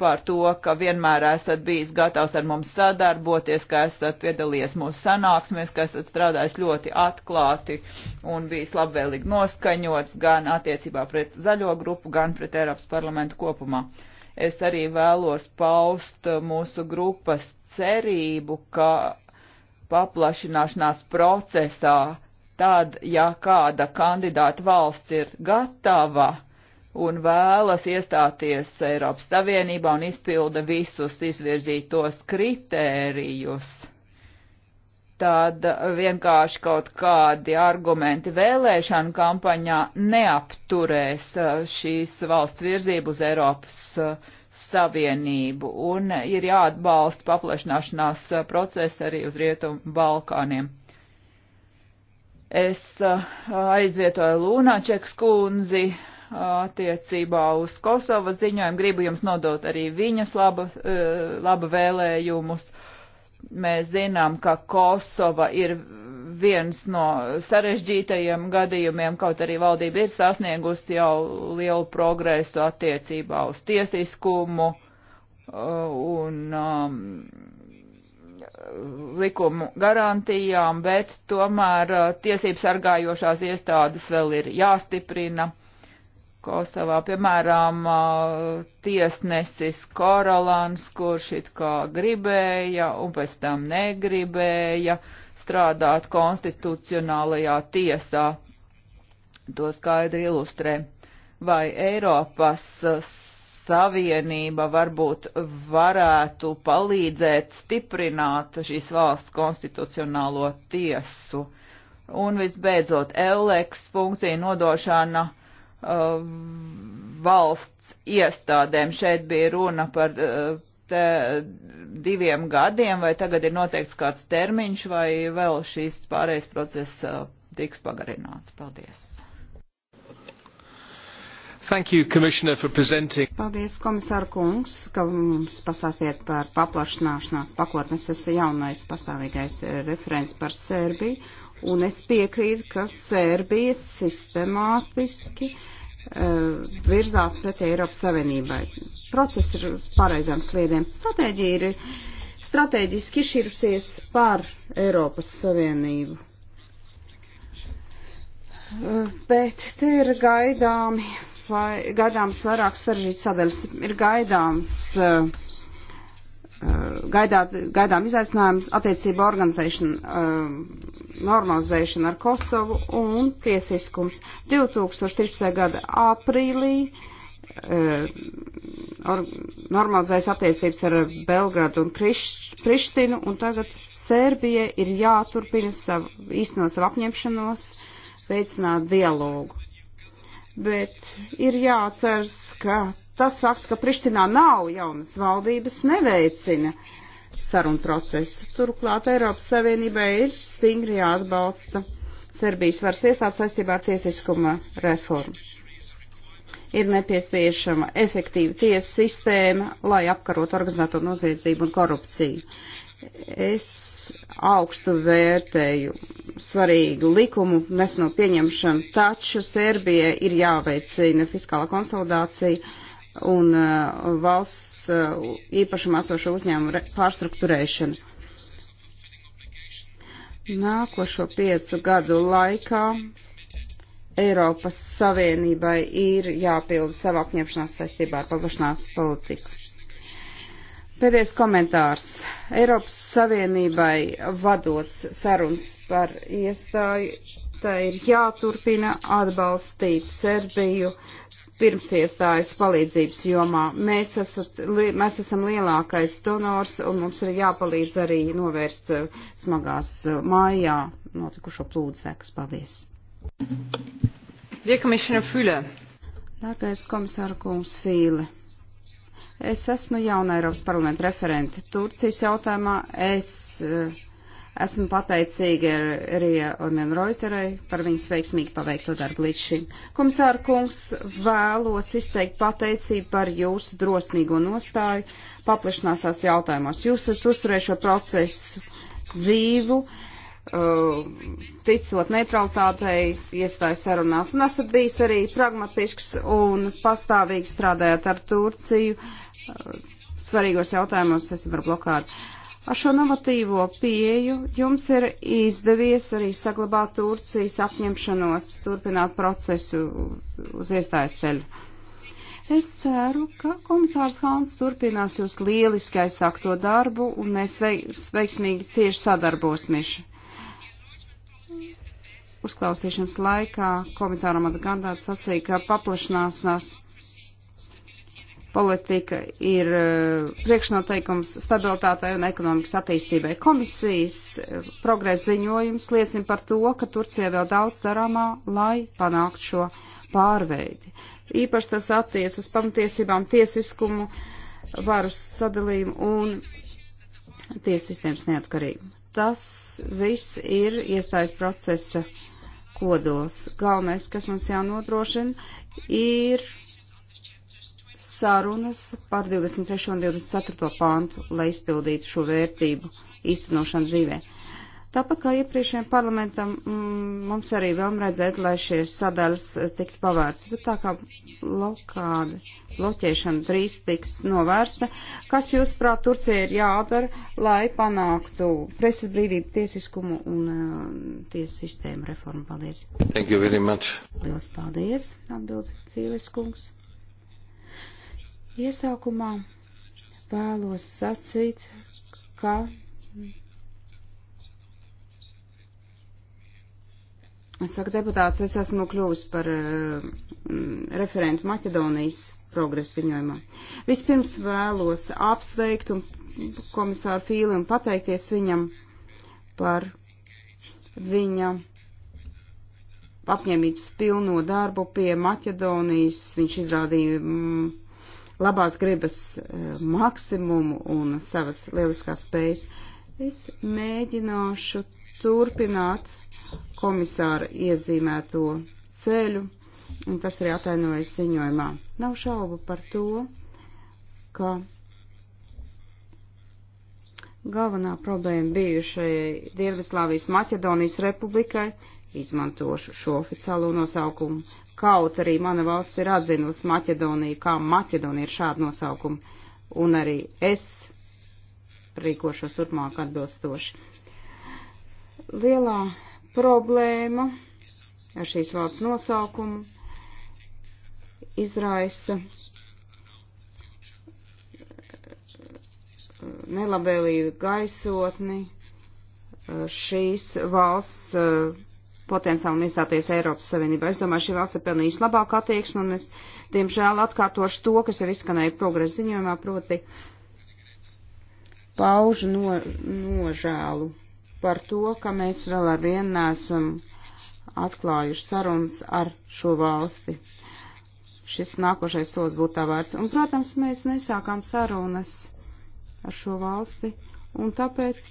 par to, ka vienmēr esat bijis gatavs ar mums sadarboties, ka esat piedalījies mūsu sanāksmēs, ka esat strādājis ļoti atklāti un bijis labvēlīgi noskaņots gan attiecībā pret zaļo grupu, gan pret Eiropas parlamentu kopumā. Es arī vēlos paust mūsu grupas cerību, ka paplašināšanās procesā Tad, ja kāda kandidāta valsts ir gatava un vēlas iestāties Eiropas Savienībā un izpilda visus izvirzītos kritērijus, tad vienkārši kaut kādi argumenti vēlēšanu kampaņā neapturēs uh, šīs valsts virzību uz Eiropas uh, Savienību un ir jāatbalsta paplašināšanās uh, procesi arī uz Rietumu Balkāniem. Es aizvietoju Lūnačeks kundzi attiecībā uz Kosova ziņojumu. Gribu jums nodot arī viņas laba, laba vēlējumus. Mēs zinām, ka Kosova ir viens no sarežģītajiem gadījumiem, kaut arī valdība ir sasniegusi jau lielu progresu attiecībā uz tiesiskumu un um, likumu garantijām, bet tomēr uh, tiesību sargājošās iestādes vēl ir jāstiprina. Kosovā, piemēram, uh, tiesnesis Korolans, kurš it kā gribēja un pēc tam negribēja strādāt konstitucionālajā tiesā. To skaidri ilustrē. Vai Eiropas uh, Savienība varbūt varētu palīdzēt stiprināt šīs valsts konstitucionālo tiesu. Un visbeidzot, Eleks funkcija nodošana uh, valsts iestādēm. Šeit bija runa par uh, te, diviem gadiem, vai tagad ir noteikts kāds termiņš, vai vēl šīs pārējais process uh, tiks pagarināts. Paldies! Thank you, Commissioner, for presenting. Paldies, komisāra kungs, ka mums pastāstiet par paplašināšanās pakotnes. Es esmu jaunais pastāvīgais referents par Sērbiju, un es piekrītu, ka Sērbija sistemātiski uh, virzās pret Eiropas Savienībai. Process ir uz pareizām sliedēm. Stratēģija ir stratēģiski izšķirusies par Eiropas Savienību. Eh, bet te ir gaidāmi vai gaidāms vairāk sarežģīts sadaļas. Ir gaidāms, eh, eh, gaidāt, gaidām izaicinājums attiecība organizēšana, eh, normalizēšana ar Kosovu un tiesiskums. 2013. gada aprīlī normalizēs attiecības ar Belgradu un Prištinu, un tagad Sērbija ir jāturpina savu, īstenot savu apņemšanos, veicināt dialogu bet ir jāatceras, ka tas fakts, ka Prištinā nav jaunas valdības, neveicina sarunu procesu. Turklāt Eiropas Savienībai ir stingri jāatbalsta Serbijas varas iestādes saistībā ar tiesiskuma reformu. Ir nepieciešama efektīva tiesa sistēma, lai apkarot organizēto noziedzību un korupciju. Es augstu vērtēju svarīgu likumu neseno pieņemšanu, taču Serbija ir jāveicina fiskāla konsolidācija un uh, valsts uh, īpašumā esošo uzņēmumu pārstruktūrēšana. Nākošo piecu gadu laikā Eiropas Savienībai ir jāpilda savu apņemšanās saistībā ar paplašanās politiku Pēdējais komentārs. Eiropas Savienībai vadot sarunas par iestāju, tā ir jāturpina atbalstīt Serbiju pirms iestājas palīdzības jomā. Mēs, esat, li, mēs esam lielākais donors un mums ir jāpalīdz arī novērst eh, smagās eh, mājā notikušo plūdu sekas. Paldies! Dear Commissioner Füle. Dārgais komisāra kungs Fīle. Es esmu jauna Eiropas parlamenta referente Turcijas jautājumā. Es eh, esmu pateicīga Rija Ormien Reuterai par viņas veiksmīgi paveikto darbu līdz šim. Komisāra kungs vēlos izteikt pateicību par jūsu drosmīgo nostāju paplašanāsās jautājumos. Jūs esat uzturējušo procesu dzīvu. Uh, Uh, ticot neutralitātei, iestājas sarunās. Un esat bijis arī pragmatisks un pastāvīgi strādājot ar Turciju uh, svarīgos jautājumos, esam ar blokādu. Ar šo novatīvo pieju jums ir izdevies arī saglabāt Turcijas apņemšanos, turpināt procesu uz iestājas ceļu. Es ceru, ka komisārs Hāns turpinās jūs lieliski aizsākto darbu un mēs veiksmīgi cieši sadarbosimies Uzklausīšanas laikā komisāra Madagandāta sacīja, ka paplašanāsnās politika ir eh, priekšnoteikums stabilitātei un ekonomikas attīstībai. Komisijas eh, progresa ziņojums liecina par to, ka Turcija vēl daudz darāmā, lai panāktu šo pārveidi. Īpaši tas attiec uz pamatiesībām, tiesiskumu, varas sadalījumu un tiesu sistēmas neatkarību. Tas viss ir iestājas procesa kodols. Galvenais, kas mums jānodrošina, ir sarunas par 23. un 24. pantu, lai izpildītu šo vērtību īstenošanu dzīvē. Tāpat kā iepriekšējiem parlamentam, mm, mums arī vēlam redzēt, lai šie sadaļas eh, tiktu pavērts, bet tā kā blokāde, bloķēšana drīz tiks novērsta, kas jūs prāt Turcija ir jādara, lai panāktu preses brīvību, tiesiskumu un uh, tiesu sistēmu reformu? Paldies. Thank you very much. Lielas paldies, atbild Fīles kungs. Iesākumā vēlos sacīt, ka Saka deputāts, es esmu kļuvis par uh, referentu Maķedonijas progresa ziņojumā. Vispirms vēlos apsveikt un komisāru Fīli un pateikties viņam par viņa apņēmības pilno darbu pie Maķedonijas. Viņš izrādīja mm, labās gribas uh, maksimumu un savas lieliskās spējas. Es mēģināšu turpināt komisāra iezīmēto ceļu, un tas arī atainojas ziņojumā. Nav šaubu par to, ka galvenā problēma bijušajai Dienvidslāvijas Maķedonijas republikai, izmantošu šo oficiālo nosaukumu, kaut arī mana valsts ir atzinusi Maķedoniju, kā Maķedonija ir šādu nosaukumu, un arī es rīkošos turpmāk atbilstoši lielā problēma ar šīs valsts nosaukumu izraisa nelabēlīgu gaisotni uh, šīs valsts uh, potenciāli iestāties Eiropas Savienībā. Es domāju, šī valsts ir pelnījusi labāku attieksmi, un es, diemžēl, atkārtošu to, kas jau izskanēja progresa ziņojumā, proti paužu no, nožēlu par to, ka mēs vēl ar vienu nesam atklājuši sarunas ar šo valsti. Šis nākošais solis būtu tā vērts. Un, protams, mēs nesākām sarunas ar šo valsti, un tāpēc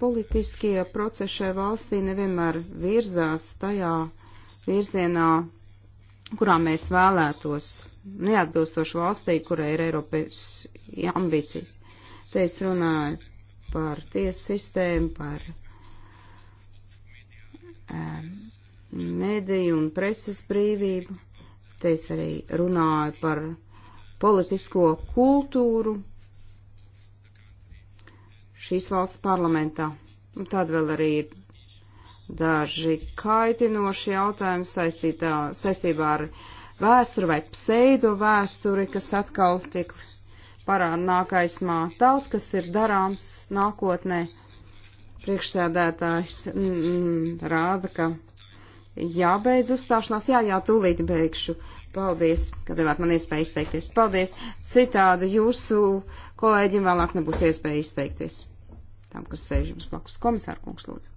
politiskie procesi šai valstī nevienmēr virzās tajā virzienā, kurā mēs vēlētos, neatbilstoši valstī, kurai ir Eiropas ambīcijas. Te es runāju par tiesu sistēmu, par um, mediju un preses brīvību. Te es arī runāju par politisko kultūru šīs valsts parlamentā. Un tad vēl arī ir daži kaitinoši jautājumi saistītā, saistībā ar vēsturi vai pseido vēsturi, kas atkal tiek parāda nākaismā tās, kas ir darāms nākotnē. Priekšsēdētājs mm, mm, rāda, ka jābeidz uzstāšanās. Jā, jā, tūlīt beigšu. Paldies, ka devāt man iespēju izteikties. Paldies. Citādi jūsu kolēģim vēlāk nebūs iespēja izteikties. Tam, kas sēž jums blakus. Komisāra kungs, lūdzu.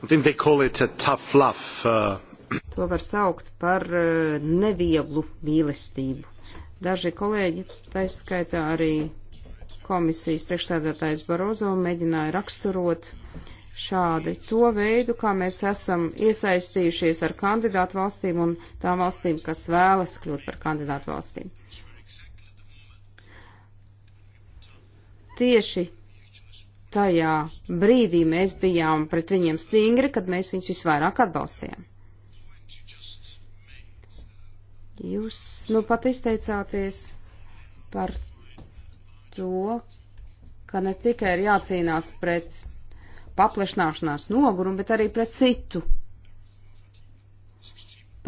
I think they call it a tough love. Uh... To var saukt par eh, nevieglu mīlestību. Daži kolēģi, taiskaitā arī komisijas priekšsēdētājs Barozo, mēģināja raksturot šādi to veidu, kā mēs esam iesaistījušies ar kandidātu valstīm un tām valstīm, kas vēlas kļūt par kandidātu valstīm. Tieši tajā brīdī mēs bijām pret viņiem stingri, kad mēs viņus visvairāk atbalstījām. Jūs nu pat izteicāties par to, ka ne tikai ir jācīnās pret paplašināšanās nogurumu, bet arī pret citu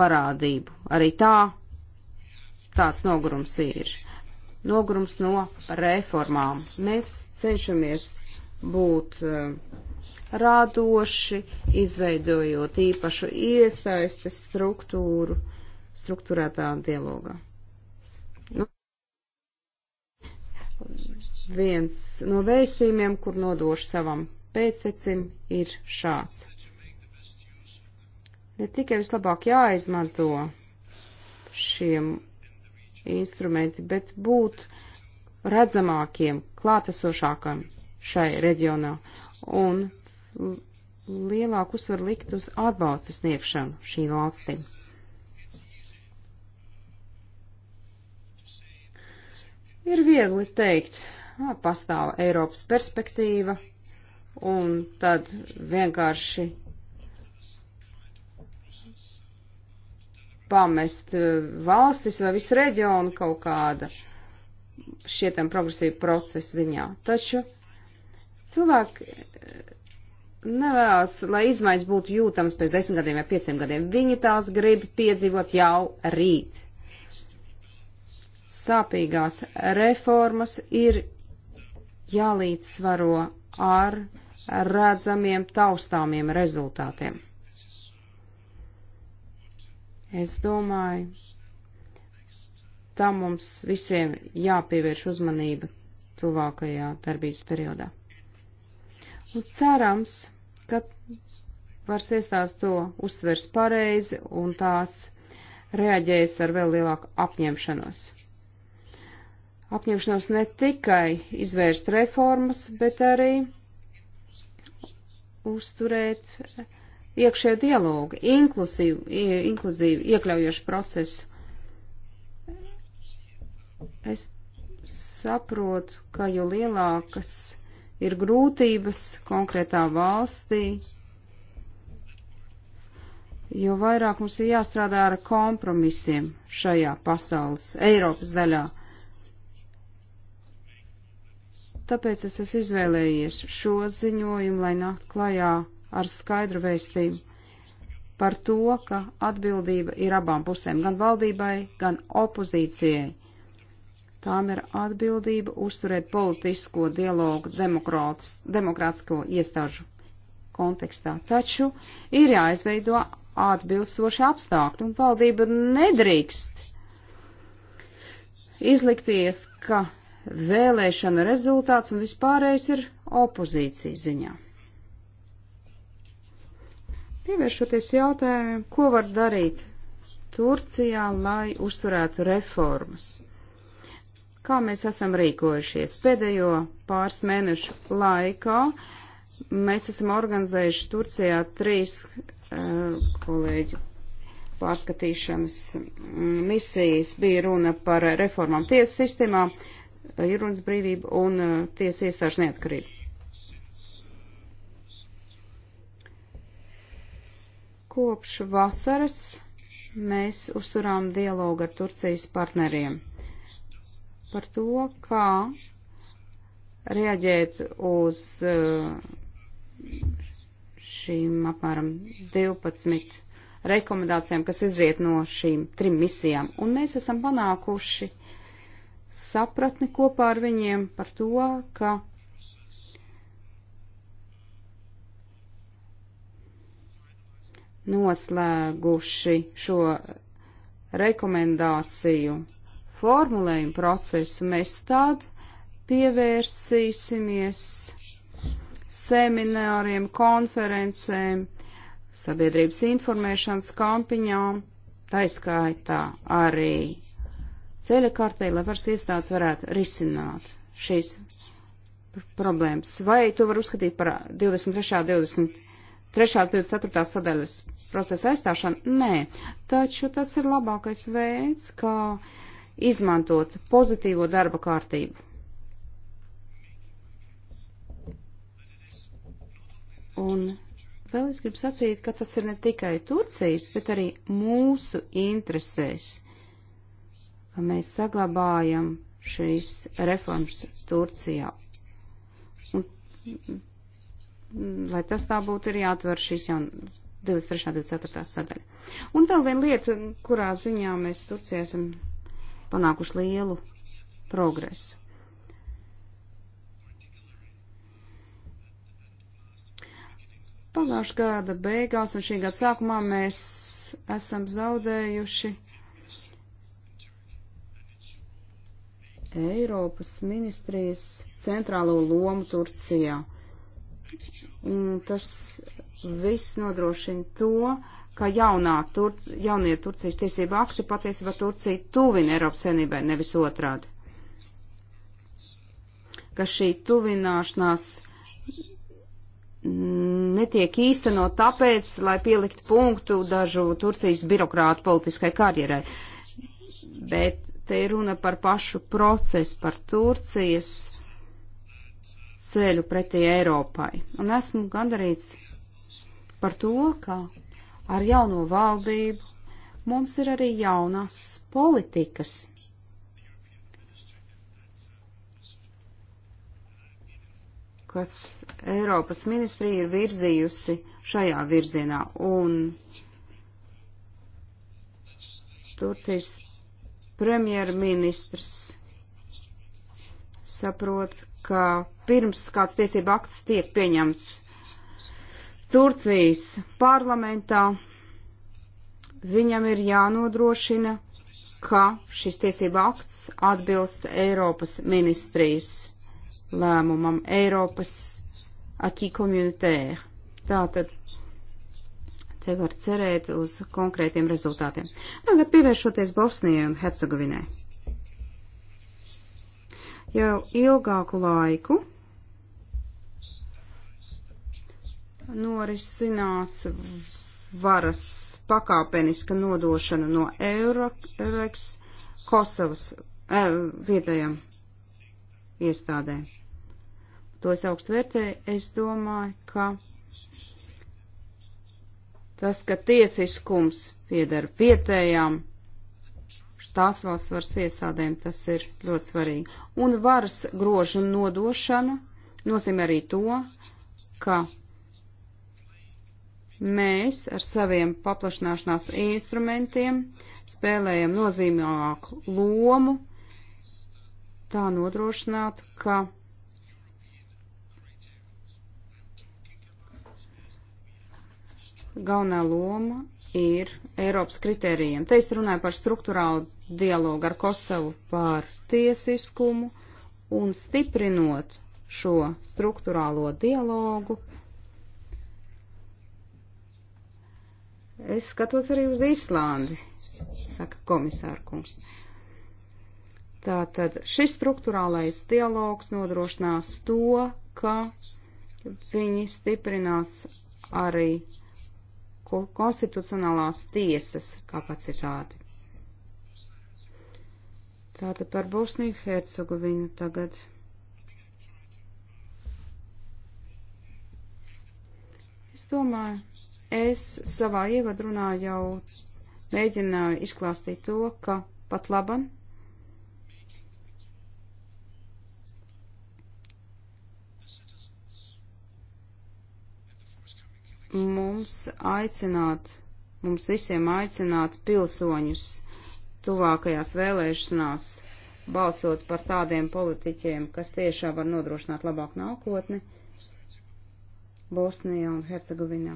parādību. Arī tā, tāds nogurums ir. Nogurums no reformām. Mēs cenšamies būt eh, radoši, izveidojot īpašu iesaistes struktūru struktūrētā dialogā. Nu, viens no vēstījumiem, kur nodošu savam pēctecim, ir šāds. Ne tikai vislabāk jāizmanto šiem instrumenti, bet būt redzamākiem, klātesošākam šai reģionā un lielāku uzsvaru likt uz atbalsta sniegšanu šīm valstīm. Ir viegli teikt, pastāv Eiropas perspektīva, un tad vienkārši pamest valstis vai visu reģionu kaut kāda šietam progresīvu procesu ziņā. Taču cilvēki nevēlas, lai izmaiņas būtu jūtamas pēc desmit gadiem vai pieciem gadiem. Viņi tās grib piedzīvot jau rīt sāpīgās reformas ir jālīdzsvaro ar redzamiem taustāmiem rezultātiem. Es domāju, tam mums visiem jāpievērš uzmanība tuvākajā darbības periodā. Un cerams, ka varas iestādes to uztvers pareizi un tās reaģēs ar vēl lielāku apņemšanos apņemšanos ne tikai izvērst reformas, bet arī uzturēt iekšējo dialogu, inklusīvu, inklusīvu iekļaujošu procesu. Es saprotu, ka jo lielākas ir grūtības konkrētā valstī, jo vairāk mums ir jāstrādā ar kompromisiem šajā pasaules, Eiropas daļā. tāpēc es esmu izvēlējies šo ziņojumu, lai nākt klajā ar skaidru vēstījumu par to, ka atbildība ir abām pusēm, gan valdībai, gan opozīcijai. Tām ir atbildība uzturēt politisko dialogu demokrātisko iestāžu kontekstā. Taču ir jāizveido atbilstoši apstākļi, un valdība nedrīkst izlikties, ka vēlēšana rezultāts un vispārējais ir opozīcijas ziņā. Pievēršoties jautājumiem, ko var darīt Turcijā, lai uzturētu reformas. Kā mēs esam rīkojušies pēdējo pāris mēnešu laikā? Mēs esam organizējuši Turcijā trīs uh, kolēģu pārskatīšanas misijas. Bija runa par reformām tiesas sistēmām, uh, ir eh, runas brīvība un uh, tiesa iestāžu neatkarība. Kopš vasaras mēs uzturām dialogu ar Turcijas partneriem par to, kā reaģēt uz eh, šīm apmēram 12 rekomendācijām, kas izriet no šīm trim misijām. Un mēs esam panākuši sapratni kopā ar viņiem par to, ka noslēguši šo rekomendāciju formulējumu procesu, mēs tad pievērsīsimies semināriem, konferencēm, sabiedrības informēšanas kampiņām, taiskaitā arī ceļa kartē, lai varas iestādes varētu risināt šīs problēmas. Vai to var uzskatīt par 23. 20. 3. 24. sadaļas procesa aizstāšanu? Nē, taču tas ir labākais veids, kā izmantot pozitīvo darba kārtību. Un vēl es gribu sacīt, ka tas ir ne tikai Turcijas, bet arī mūsu interesēs ka mēs saglabājam šīs reformas Turcijā. Un, lai tas tā būtu, ir jāatver šīs jau 23. un 24. sadaļa. Un vēl viena lieta, kurā ziņā mēs Turcijā esam panākuši lielu progresu. Pagājušā gada beigās un šī gada sākumā mēs esam zaudējuši Eiropas ministrijas centrālo lomu Turcijā. Un tas viss nodrošina to, ka jaunā Turc, jaunie Turcijas tiesība akti patiesībā Turcija tuvina Eiropas senībai, nevis otrādi. Ka šī tuvināšanās netiek īstenot tāpēc, lai pielikt punktu dažu Turcijas birokrātu politiskai karjerai. Bet Te ir runa par pašu procesu, par Turcijas ceļu pretī Eiropai. Un esmu gandarīts par to, ka ar jauno valdību mums ir arī jaunās politikas. kas Eiropas ministrija ir virzījusi šajā virzienā, un Turcijas premjerministrs saprot, ka pirms kāds tiesība akts tiek pieņemts Turcijas parlamentā, viņam ir jānodrošina, ka šis tiesība akts atbilst Eiropas ministrijas lēmumam Eiropas aki komunitēra. Tātad te var cerēt uz konkrētiem rezultātiem. Tagad pievēršoties Bosnijai un Hercegovinai. Jau ilgāku laiku norisinās varas pakāpeniska nodošana no Eureks Kosovas e, vietējām iestādēm. To es augstu vērtēju. Es domāju, ka tas, ka tiesiskums pieder vietējām tās valsts varas iestādēm, tas ir ļoti svarīgi. Un varas grožu nodošana nozīmē arī to, ka mēs ar saviem paplašanāšanās instrumentiem spēlējam nozīmīgāku lomu tā nodrošināt, ka galvenā loma ir Eiropas kritērijiem. Te es runāju par struktūrālu dialogu ar Kosovu par tiesiskumu un stiprinot šo struktūrālo dialogu. Es skatos arī uz Īslandi, saka komisārkungs. Tātad šis struktūrālais dialogs nodrošinās to, ka viņi stiprinās arī uh, konstitucionālās tiesas kapacitāti. Tātad par Bosniju Hercegovinu tagad. Es domāju, es savā ievadrunā jau mēģināju izklāstīt to, ka pat laban mums aicināt, mums visiem aicināt pilsoņus tuvākajās vēlēšanās balsot par tādiem politiķiem, kas tiešām var nodrošināt labāku nākotni Bosnijā un Hercegovinā.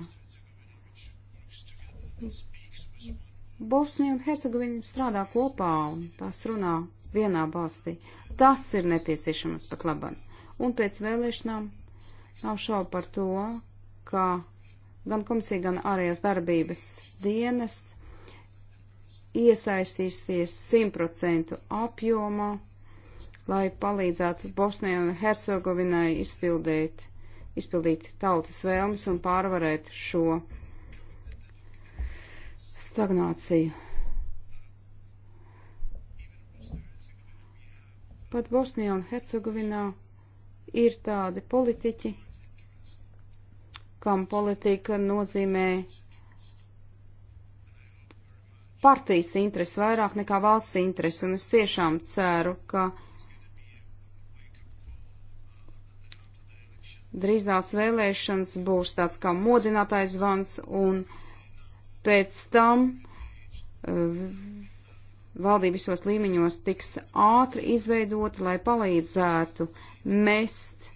Bosnija un Hercegovina strādā kopā un tās runā vienā balstī. Tas ir nepieciešams pat labam. Un pēc vēlēšanām nav šaubu par to, ka gan komisija, gan ārējās darbības dienests iesaistīsies 100% apjomā, lai palīdzētu Bosnijai un Hercegovinai izpildīt, izpildīt tautas vēlmes un pārvarēt šo stagnāciju. Pat Bosnijā un Hercegovinā ir tādi politiķi, kam politika nozīmē partijas interesi vairāk nekā valsts interesi, un es tiešām ceru, ka drīzās vēlēšanas būs tāds kā modinātājs vans, un pēc tam eh, valdība visos līmeņos tiks ātri izveidota, lai palīdzētu mest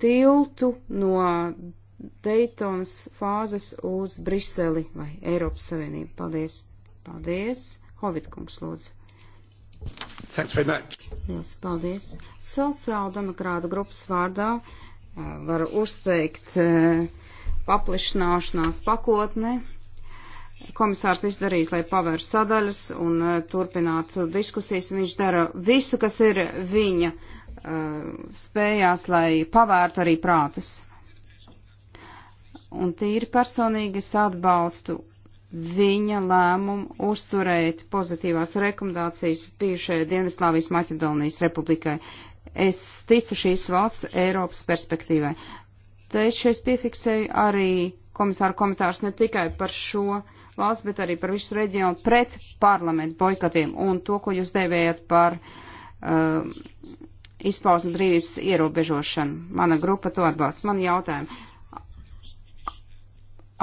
tiltu no Daytonas fāzes uz Briseli vai Eiropas Savienību. Paldies! Paldies! Hovidkungs lūdzu! Thanks very much. Lielas paldies. Sociāla demokrāta grupas vārdā eh, var uzteikt eh, paplišināšanās pakotne. Komisārs izdarīs, lai pavēr sadaļas un eh, turpinātu diskusijas. Viņš dara visu, kas ir viņa Uh, spējās, lai pavērtu arī prātus. Un tīri personīgi es atbalstu viņa lēmumu uzturēt pozitīvās rekomendācijas bijušajai Dienvidslāvijas Maķedonijas republikai. Es ticu šīs valsts Eiropas perspektīvai. Taču es piefiksēju arī komisāru komentārus ne tikai par šo valsts, bet arī par visu reģionu pret parlamentu boikotiem un to, ko jūs devējat par. Um, uh, izpausmes brīvības ierobežošanu. Mana grupa to atbalsta. Man jautājumi.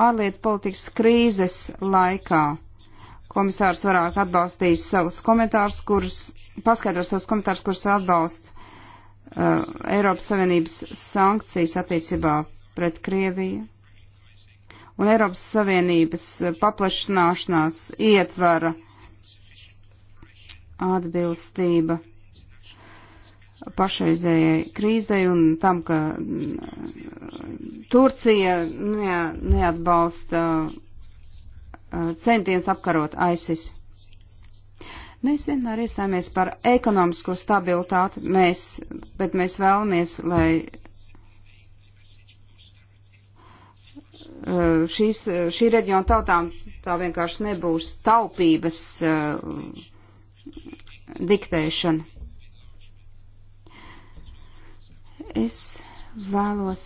Ārlietu politikas krīzes laikā komisārs varētu atbalstīt savus komentārus, kurus, paskaidrot savus komentārus, kurus atbalsta uh, Eiropas Savienības sankcijas attiecībā pret Krieviju. Un Eiropas Savienības paplašināšanās ietvara atbilstība pašreizējai krīzei un tam, ka mm, Turcija neatbalsta centienus apkarot ISIS. Mēs vienmēr iesāmies par ekonomisko stabilitāti, mēs, bet mēs vēlamies, lai šīs, šī reģiona tautām tā vienkārši nebūs taupības diktēšana. Es vēlos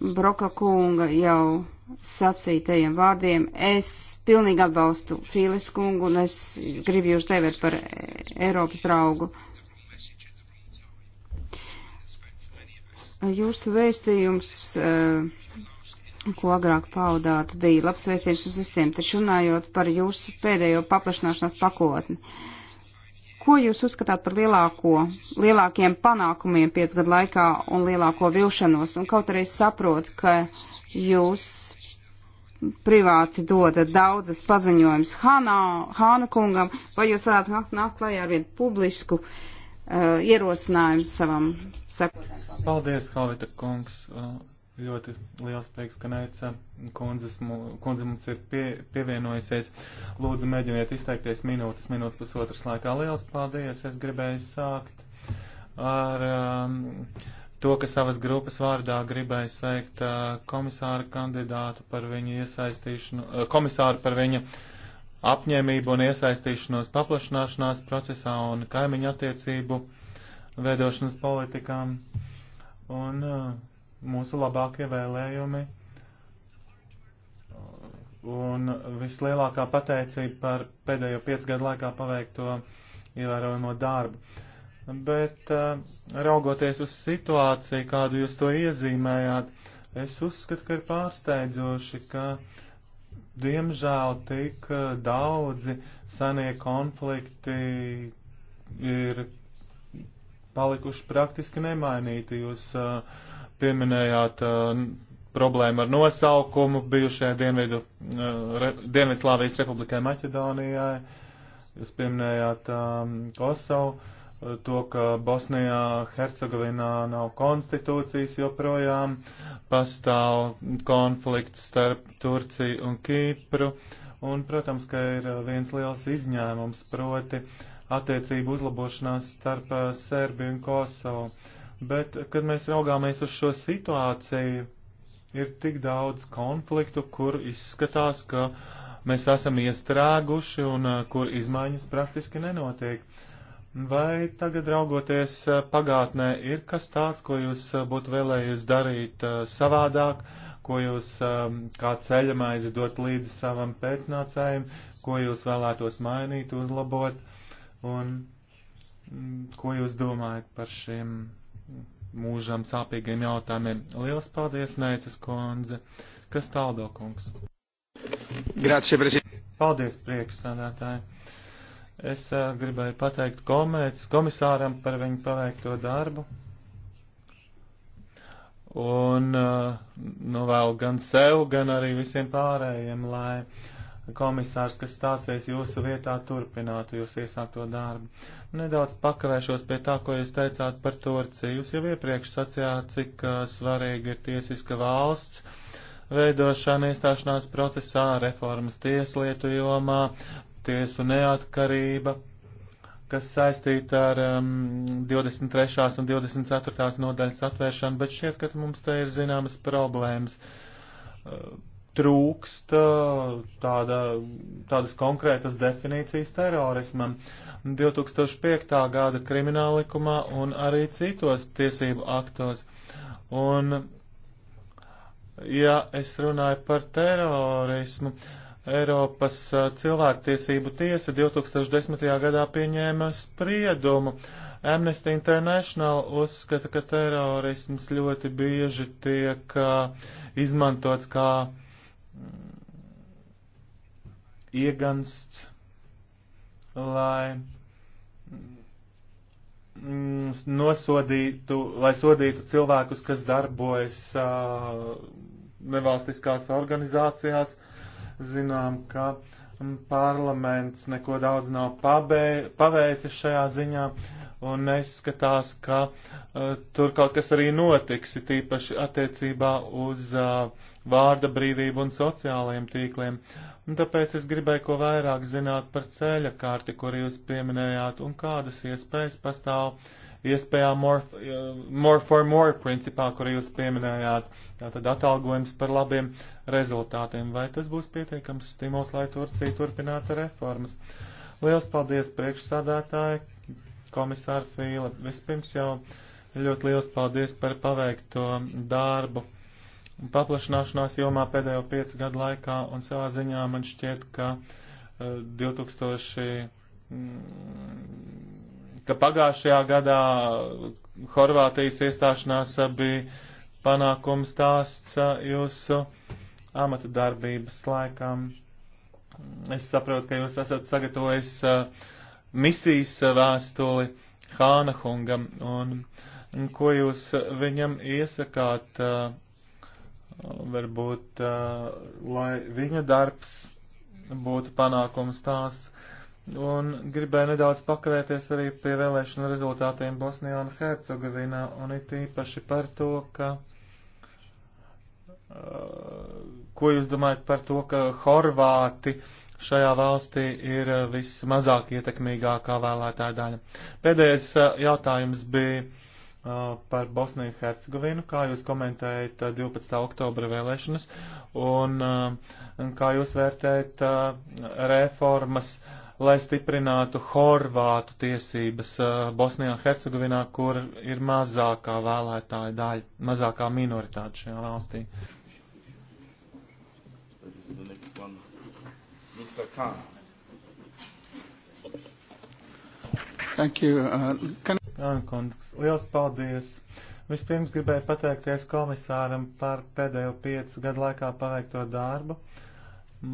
Broka kunga jau sacītajiem vārdiem. Es pilnīgi atbalstu Fīles kungu un es gribu jūs tevēt par Eiropas draugu. Jūsu vēstījums, eh, ko agrāk paudāt, bija labs vēstījums uz visiem, taču runājot par jūsu pēdējo paplašināšanās pakotni. Uh, Ko jūs uzskatāt par lielāko, lielākiem panākumiem piecu gadu laikā un lielāko vilšanos? Un kaut arī saprotu, ka jūs privāti dodat daudzas paziņojumus Hāna kungam, vai jūs varētu nākt nāk klajā ar vienu publisku uh, ierosinājumu savam sakotājam? Paldies, Kalvita kungs. Uh, Ļoti liels prieks, ka Neica eh, kundze mums ir pie, pievienojusies. Lūdzu, mēģiniet izteikties minūtes, minūtes pusotras laikā. Liels paldies! Es gribēju sākt ar um, to, ka savas grupas vārdā gribēju sveikt uh, komisāru kandidātu par viņu iesaistīšanu, uh, komisāru par viņa apņēmību un iesaistīšanos paplašanāšanās procesā un kaimiņu attiecību veidošanas politikām. Un, uh, mūsu labākie vēlējumi un vislielākā pateicība par pēdējo piecu gadu laikā paveikto ievērojamo darbu. Bet eh, raugoties uz situāciju, kādu jūs to iezīmējāt, es uzskatu, ka ir pārsteidzoši, ka diemžēl tik eh, daudzi senie konflikti ir palikuši praktiski nemainīti. Jūs uh, pieminējāt uh, problēmu ar nosaukumu bijušajai Dienvidu, uh, re, Dienvidslāvijas republikai Maķedonijai. Jūs pieminējāt um, Kosovu, uh, to, ka Bosnijā, Hercegovinā nav konstitūcijas joprojām, pastāv konflikts starp Turciju un Kīpru. Un, protams, ka ir viens liels izņēmums, proti attiecību uzlabošanās starp Serbiju un Kosovu. Uh, bet, kad mēs raugāmies uz šo situāciju, ir tik daudz konfliktu, kur izskatās, ka mēs esam iestrēguši un eh, kur izmaiņas praktiski nenotiek. Vai tagad raugoties eh, pagātnē ir kas tāds, ko jūs eh, būtu vēlējies darīt savādāk, ko jūs kā ceļamaizi dot līdzi savam pēcnācējiem, ko jūs vēlētos mainīt, uzlabot un mm, ko jūs domājat par šiem mūžam sāpīgiem jautājumiem. Lielas paldies, Neicis Konze, kas taldo kungs. Grācie, paldies, priekšsādātāji. Es uh, gribēju pateikt komēts, komisāram par viņu paveikto darbu. Un uh, nu vēl gan sev, gan arī visiem pārējiem, lai uh, komisārs, kas stāsies jūsu vietā, turpinātu jūs iesākto darbu. Nedaudz pakavēšos pie tā, ko jūs teicāt par Turciju. Jūs jau iepriekš sacījāt, cik uh, svarīgi ir tiesiska valsts veidošana iestāšanās procesā, reformas tieslietu jomā, tiesu neatkarība kas saistīta ar um, 23. un 24. nodaļas atvēršanu, bet šķiet, ka mums te ir zināmas problēmas. Uh, trūkst tāda, tādas konkrētas definīcijas terorismam. 2005. gada krimināllikumā un arī citos tiesību aktos. Un, ja es runāju par terorismu, Eiropas cilvēktiesību tiesa 2010. gadā pieņēma spriedumu. Amnesty International uzskata, ka terorisms ļoti bieži tiek izmantots kā Mm. iegansts, lai mm, nosodītu, lai sodītu cilvēkus, kas darbojas nevalstiskās organizācijās. Zinām, ka parlaments neko daudz nav pabē, paveicis šajā ziņā, un izskatās, ka uh, tur kaut kas arī notiks, tīpaši attiecībā uz uh, vārda brīvību un sociālajiem tīkliem. Un tāpēc es gribēju ko vairāk zināt par ceļa karti, kur jūs pieminējāt, un kādas iespējas pastāv iespējā more, more for more principā, kur jūs pieminējāt. Tātad atalgojums par labiem rezultātiem. Vai tas būs pietiekams stimuls, lai Turcija turpinātu reformas? Liels paldies priekšsādātāji, komisāri Fīle. Vispirms jau ļoti liels paldies par paveikto darbu paplašināšanās jomā pēdējo piecu gadu laikā, un savā ziņā man šķiet, ka 2000, eh, mm, ka pagājušajā gadā Horvātijas iestāšanās bija panākums tāsts eh, jūsu amata darbības laikam. Es saprotu, ka jūs esat sagatavojis eh, misijas vēstuli Hāna Hungam, un ko jūs viņam iesakāt? Uh, varbūt, uh, lai viņa darbs būtu panākums tās. Un gribēju nedaudz pakavēties arī pie vēlēšanu rezultātiem Bosnijā un Hercegovinā, un it īpaši par to, ka. Uh, ko jūs domājat par to, ka Horvāti šajā valstī ir uh, vismazāk ietekmīgākā vēlētāja daļa? Pēdējais jautājums bija Uh, par Bosniju Hercegovinu, kā jūs komentējat 12. Uh, oktobra vēlēšanas uh, un kā jūs vērtējat reformas, lai stiprinātu Horvātu tiesības Bosnijā Hercegovinā, kur ir mazākā vēlētāja daļa, mazākā minoritāte šajā valstī. Thank you. Uh, can Ankunds, liels paldies! Vispirms gribēju pateikties komisāram par pēdējo piecu gadu laikā paveikto darbu.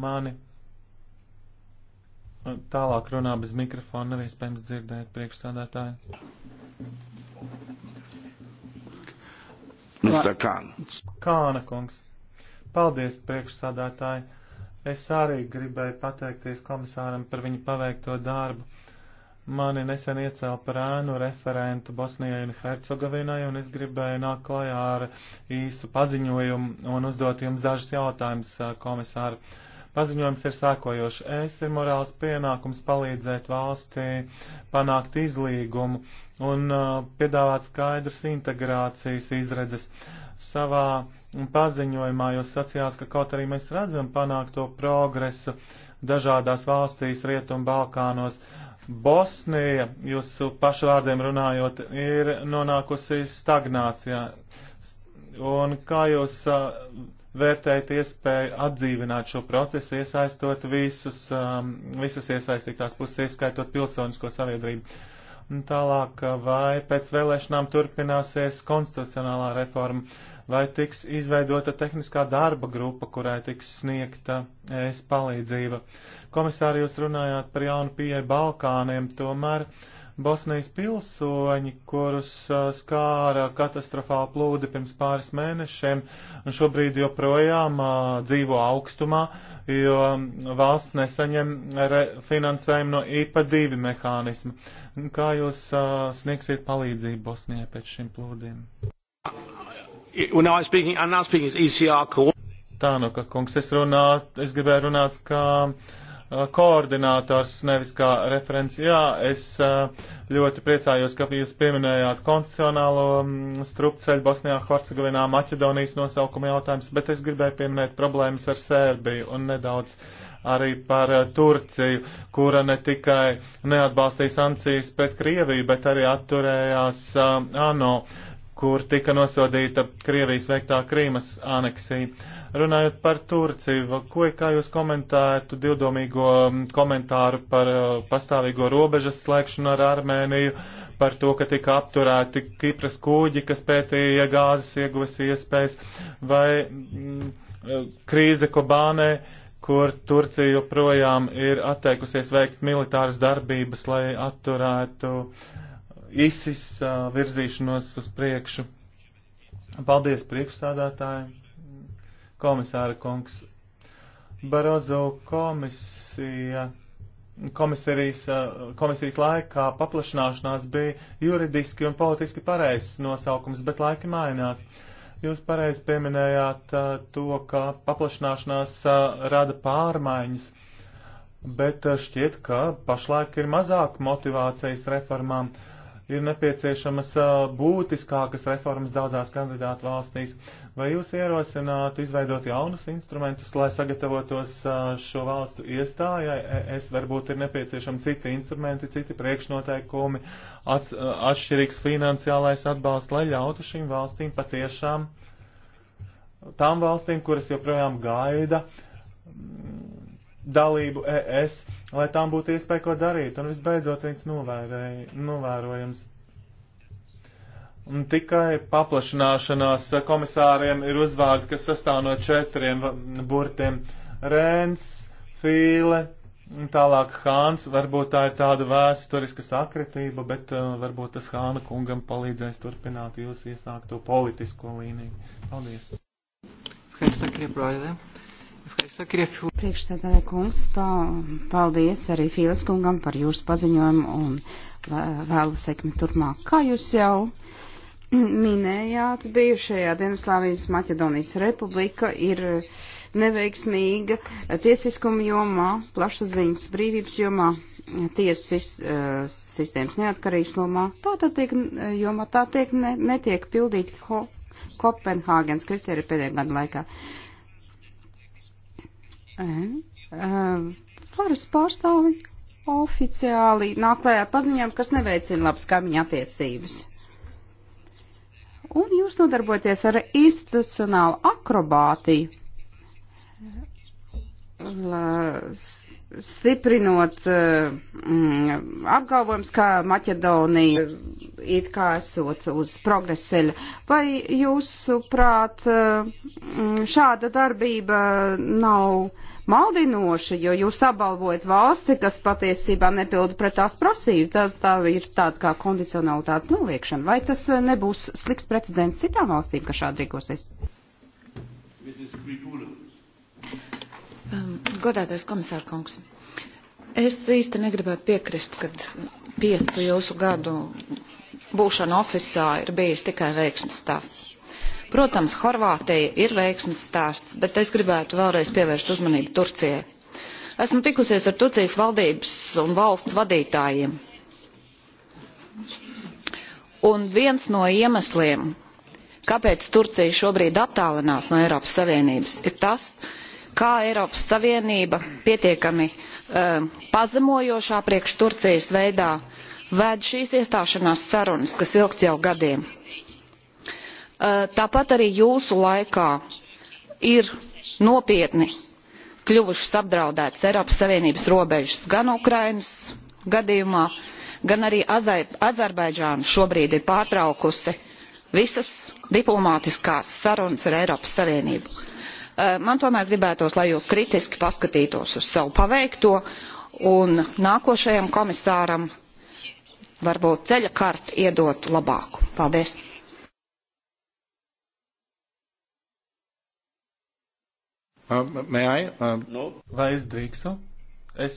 Mani tālāk runā bez mikrofona, nevis pirms dzirdēt priekšsādātāju. Mr. Kāns. Kāna kungs. Paldies, priekšsādātāji. Es arī gribēju pateikties komisāram par viņu paveikto darbu Mani nesen iecēla par ēnu referentu Bosnijai un Hercegovinai, un es gribēju nākt klajā ar īsu paziņojumu un uzdot jums dažus jautājumus, komisāri. Paziņojums ir sākojošs. Es ir morāls pienākums palīdzēt valstī panākt izlīgumu un uh, piedāvāt skaidrs integrācijas izredzes. Savā paziņojumā jūs sacījāt, ka kaut arī mēs redzam panākto progresu dažādās valstīs, Rietum Balkānos, uh, Bosnija, jūsu pašu vārdiem runājot, ir nonākusi stagnācijā. Un kā jūs vērtējat iespēju atdzīvināt šo procesu, iesaistot visus, visas iesaistītās puses, ieskaitot pilsonisko sabiedrību? Un tālāk, vai pēc vēlēšanām turpināsies konstitucionālā reforma? vai tiks izveidota tehniskā darba grupa, kurai tiks sniegta ES palīdzība. Komisāri, jūs runājāt par jaunu pieeju Balkāniem, tomēr Bosnijas pilsoņi, kurus skāra katastrofāla plūdi pirms pāris mēnešiem un šobrīd joprojām dzīvo augstumā, jo valsts nesaņem finansējumu no IPA 2 mehānismu. Kā jūs sniegsiet palīdzību Bosnijai pēc šiem plūdiem? When I was speaking, I'm now speaking as ECR coordinator. Tā nu, ka kungs, es runāt, es gribēju runāt kā koordinātors, nevis kā referents. Jā, es ļoti priecājos, ka jūs pieminējāt konstitucionālo mm, strupceļu Bosnijā, Hercegovinā, Maķedonijas nosaukuma jautājums, bet es gribēju pieminēt problēmas ar Sērbiju un nedaudz arī par Turciju, kura ne tikai neatbalstīja sankcijas pret Krieviju, bet arī atturējās ANO. Uh, kur tika nosodīta Krievijas veiktā Krīmas aneksija. Runājot par Turciju, ko kā jūs komentētu divdomīgo mm, komentāru par uh, pastāvīgo robežas slēgšanu ar Armēniju, par to, ka tika apturēti Kipras kūģi, kas pētīja gāzes ieguves iespējas, vai mm, uh, krīze Kobānē, kur Turcija joprojām ir atteikusies veikt militāras darbības, lai atturētu uh, ISIS virzīšanos uz priekšu. Paldies priekšstādātājiem, komisāra kungs. Barozo komisija, komisijas, komisijas laikā paplašanāšanās bija juridiski un politiski pareizs nosaukums, bet laiki mainās. Jūs pareizi pieminējāt to, ka paplašanāšanās rada pārmaiņas, bet šķiet, ka pašlaik ir mazāk motivācijas reformām. Uh, ir nepieciešamas būtiskākas reformas daudzās kandidātu valstīs. Vai jūs ierosinātu izveidot jaunus instrumentus, lai sagatavotos šo valstu iestājai? E, es varbūt ir nepieciešami citi instrumenti, citi priekšnoteikumi, ats, atšķirīgs finansiālais atbalsts, lai ļautu šīm valstīm patiešām tām valstīm, kuras joprojām gaida dalību ES, lai tām būtu iespēja ko darīt. Un visbeidzot, viens novērojums. Un tikai paplašināšanās komisāriem ir uzvārdi, kas sastāv no četriem burtiem - Rēns, Fīle, un tālāk Hāns. Varbūt tā ir tāda vēsturiska sakritība, bet uh, varbūt tas Hāna kungam palīdzēs turpināt jūsu iesākto politisko līniju. Paldies! Ευχαριστώ κύριε Πρόεδρε. Priekšstādāja kungs, paldies arī Fīles kungam par jūsu paziņojumu un vēlu sekmi turpmāk. Kā jūs jau minējāt, bijušajā Dienvidslāvijas Maķedonijas republika ir neveiksmīga tiesiskuma jomā, plašsaziņas brīvības jomā, tiesas uh, sistēmas neatkarības lomā. Tā tad tiek, jomā tā tiek, ne, netiek pildīti Kopenhāgens kriteriji pēdējā gada laikā. Uh, Varas pārstāvi oficiāli nāk klējā paziņām, kas neveicina labas kaimiņa attiecības. Un jūs nodarboties ar institucionālu akrobātiju, stiprinot mm, apgalvojums, ka Maķedonija it kā esot uz progreseļa. Vai jūsuprāt mm, šāda darbība nav maldinoši, jo jūs apbalvojat valsti, kas patiesībā nepilda pret tās prasību. Tā, tā ir tāda kā kondicionalitātes noliekšana. Vai tas eh, nebūs slikts precedents citām valstīm, kas šādi rīkosies? Um, godātais komisārkungs, es īsti negribētu piekrist, kad piecu jūsu gadu būšana ofisā ir bijis tikai veiksmes stāsts. Protams, Horvātija ir veiksmes stāsts, bet es gribētu vēlreiz pievērst uzmanību Turcijai. Esmu tikusies ar Turcijas valdības un valsts vadītājiem. Un viens no iemesliem, kāpēc Turcija šobrīd attālinās no Eiropas Savienības, ir tas, kā Eiropas Savienība pietiekami uh, pazemojošā priekš Turcijas veidā ved šīs iestāšanās sarunas, kas ilgst jau gadiem. Eh, tāpat arī jūsu laikā ir nopietni kļuvušas apdraudētas Eiropas Savienības robežas gan Ukrainas gadījumā, gan arī Azerbaidžāna šobrīd ir pārtraukusi visas diplomātiskās sarunas ar Eiropas Savienību. Eh, man tomēr gribētos, lai jūs kritiski paskatītos uz savu paveikto un nākošajam komisāram varbūt ceļa karti iedot labāku. Paldies! Mē, um, um, no. Vai es drīkstu? Es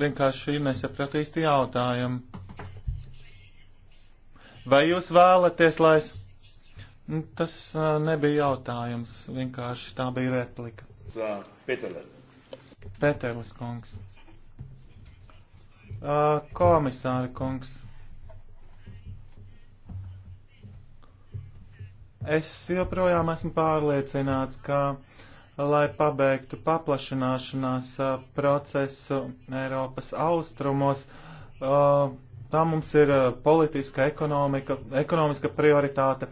vienkārši nesapratīstu jautājumu. Vai jūs vēlaties, lai es. Nu, tas uh, nebija jautājums, vienkārši tā bija replika. Zā, Peterlis. Peterlis kungs. Uh, komisāri kungs. Es joprojām esmu pārliecināts, ka. Uh, lai pabeigtu paplašināšanās procesu Eiropas austrumos. Tā mums ir politiska ekonomika, ekonomiska prioritāte.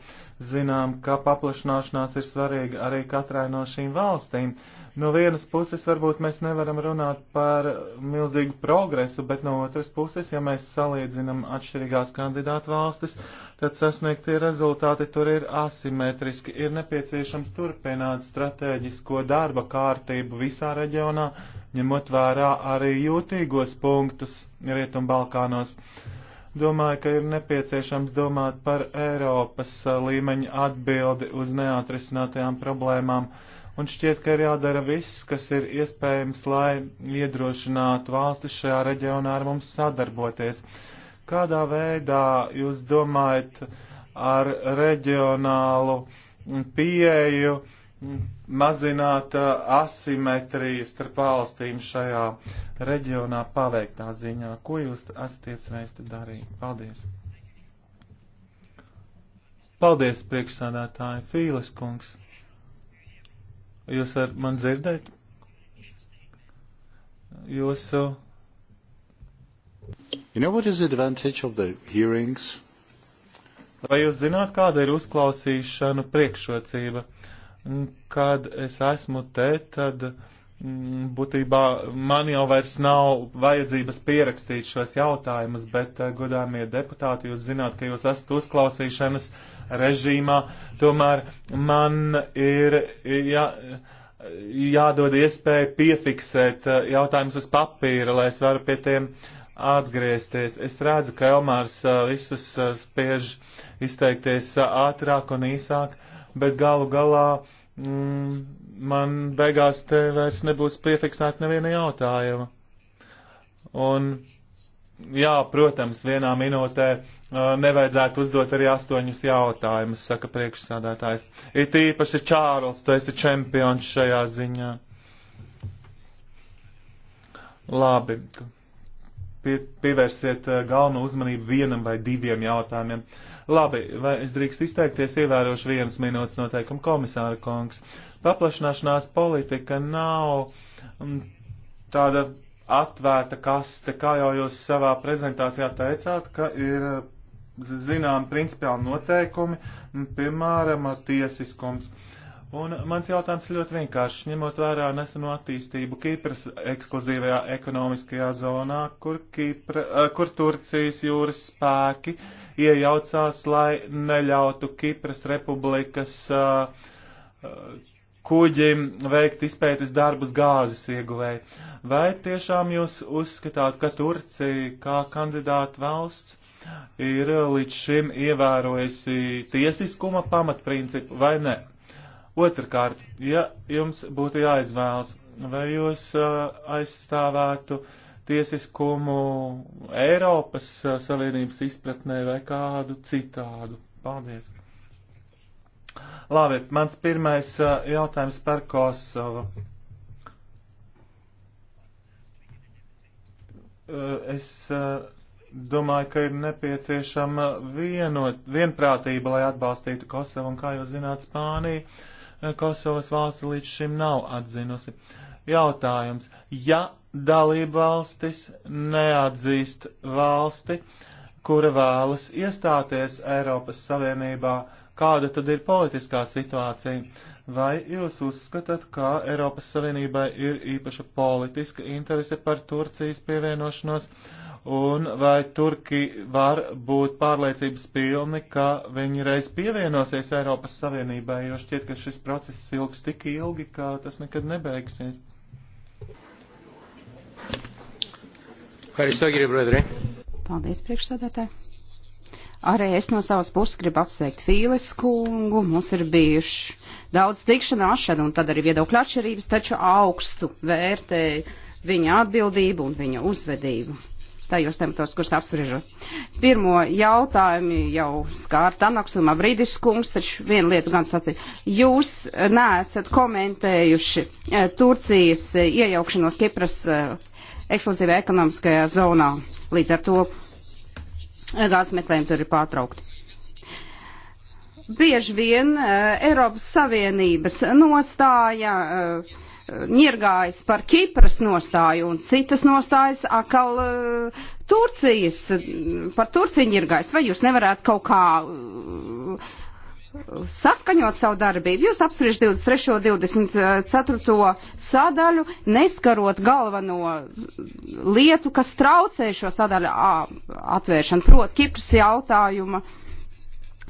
Zinām, ka paplašināšanās ir svarīga arī katrai no šīm valstīm. Uh, No vienas puses varbūt mēs nevaram runāt par milzīgu progresu, bet no otras puses, ja mēs salīdzinām atšķirīgās kandidātu valstis, tad sasniegtie rezultāti tur ir asimetriski. Ir nepieciešams turpināt strateģisko darba kārtību visā reģionā, ņemot vērā arī jūtīgos punktus Rietumbalkānos. Domāju, ka ir nepieciešams domāt par Eiropas līmeņa atbildi uz neatrisinātajām problēmām un šķiet, ka ir jādara viss, kas ir iespējams, lai iedrošinātu valstis šajā reģionā ar mums sadarboties. Kādā veidā jūs domājat ar reģionālu pieeju mazināt uh, asimetriju starp valstīm šajā reģionā paveiktā ziņā? Ko jūs esat iecerējis darīt? Paldies! Paldies, priekšsādātāji Fīles kungs! Jūs varat man dzirdēt? Jūsu. You know what is the advantage of the hearings? Vai jūs zināt, kāda ir uzklausīšana priekšrocība? Kad es esmu te, tad. Uh, Mm, būtībā man jau vairs nav vajadzības pierakstīt šos jautājumus, bet, eh, godāmie deputāti, jūs zināt, ka jūs esat uzklausīšanas režīmā. Tomēr man ir jā, jādod iespēja piefiksēt eh, jautājumus uz papīra, lai es varu pie tiem atgriezties. Es redzu, ka Elmārs eh, visus spiež izteikties ātrāk un īsāk, bet galu galā. Mm, man beigās te vairs nebūs piefiksēta neviena jautājuma. Un, jā, protams, vienā minūtē uh, nevajadzētu uzdot arī astoņus jautājumus, saka priekšsādātājs. It īpaši Čārls, tu esi čempions šajā ziņā. Labi. Pie, pievērsiet uh, galveno uzmanību vienam vai diviem jautājumiem. Labi, vai es drīkst izteikties, ievērošu vienas minūtes noteikumu komisāra kungs. Uh, Paplašināšanās politika nav mm, tāda atvērta kaste, kā jau jūs savā prezentācijā teicāt, ka ir zinām principiāli noteikumi, mm, piemēram, tiesiskums. Un mans jautājums ļoti vienkārši, ņemot vērā neseno attīstību Kīpras ekskluzīvajā ekonomiskajā zonā, kur, Kīpra, kur Turcijas jūras spēki iejaucās, lai neļautu Kīpras republikas uh, kuģi veikt izpētes darbus gāzes ieguvēji. Vai tiešām jūs uzskatāt, ka Turcija kā kandidāta valsts ir līdz šim ievērojusi tiesiskuma pamatprincipu vai ne? Otrkārt, ja jums būtu jāizvēlas, vai jūs uh, aizstāvētu tiesiskumu Eiropas uh, Savienības izpratnē vai kādu citādu? Paldies! Labi, mans pirmais uh, jautājums par Kosovu. Uh, es uh, domāju, ka ir nepieciešama vienot, vienprātība, lai atbalstītu Kosovu, un kā jūs zināt, Spānija Kosovas valsti līdz šim nav atzinusi. Jautājums, ja dalībvalstis neatzīst valsti, kura vēlas iestāties Eiropas Savienībā, uh, Kāda tad ir politiskā situācija? Vai jūs uzskatāt, ka Eiropas Savienībai ir īpaša politiska interese par Turcijas pievienošanos? Un vai Turki var būt pārliecības pilni, ka viņi reiz pievienosies Eiropas Savienībai, jo šķiet, ka šis process ilgs tik ilgi, ka tas nekad nebeigsies? Paldies, priekšsādātāji! Arī es no savas puses gribu apsveikt Fīles kungu. Mums ir bijuši daudz tikšanās šad un tad arī viedokļu atšķirības, taču augstu vērtēju viņa atbildību un viņa uzvedību. Tajos tematos, kurus apspriežu. Pirmo jautājumu jau skārt Anaks un Mavrīdis kungs, taču vienu lietu gan sacīja. Jūs neesat komentējuši eh, Turcijas eh, iejaukšanos Kipras eh, ekskluzīvajā ekonomiskajā zonā. Līdz ar to gāzes meklējumi tur ir pārtraukti. Bieži vien uh, Eiropas Savienības nostāja uh, ņirgājas par Kipras nostāju un citas nostājas atkal uh, Turcijas, par Turciju ņirgājas. Vai jūs nevarētu kaut kā uh, saskaņot savu darbību. Jūs apspriež 23. un 24. sadaļu, neskarot galveno lietu, kas traucē šo sadaļu atvēršanu, proti Kipras jautājuma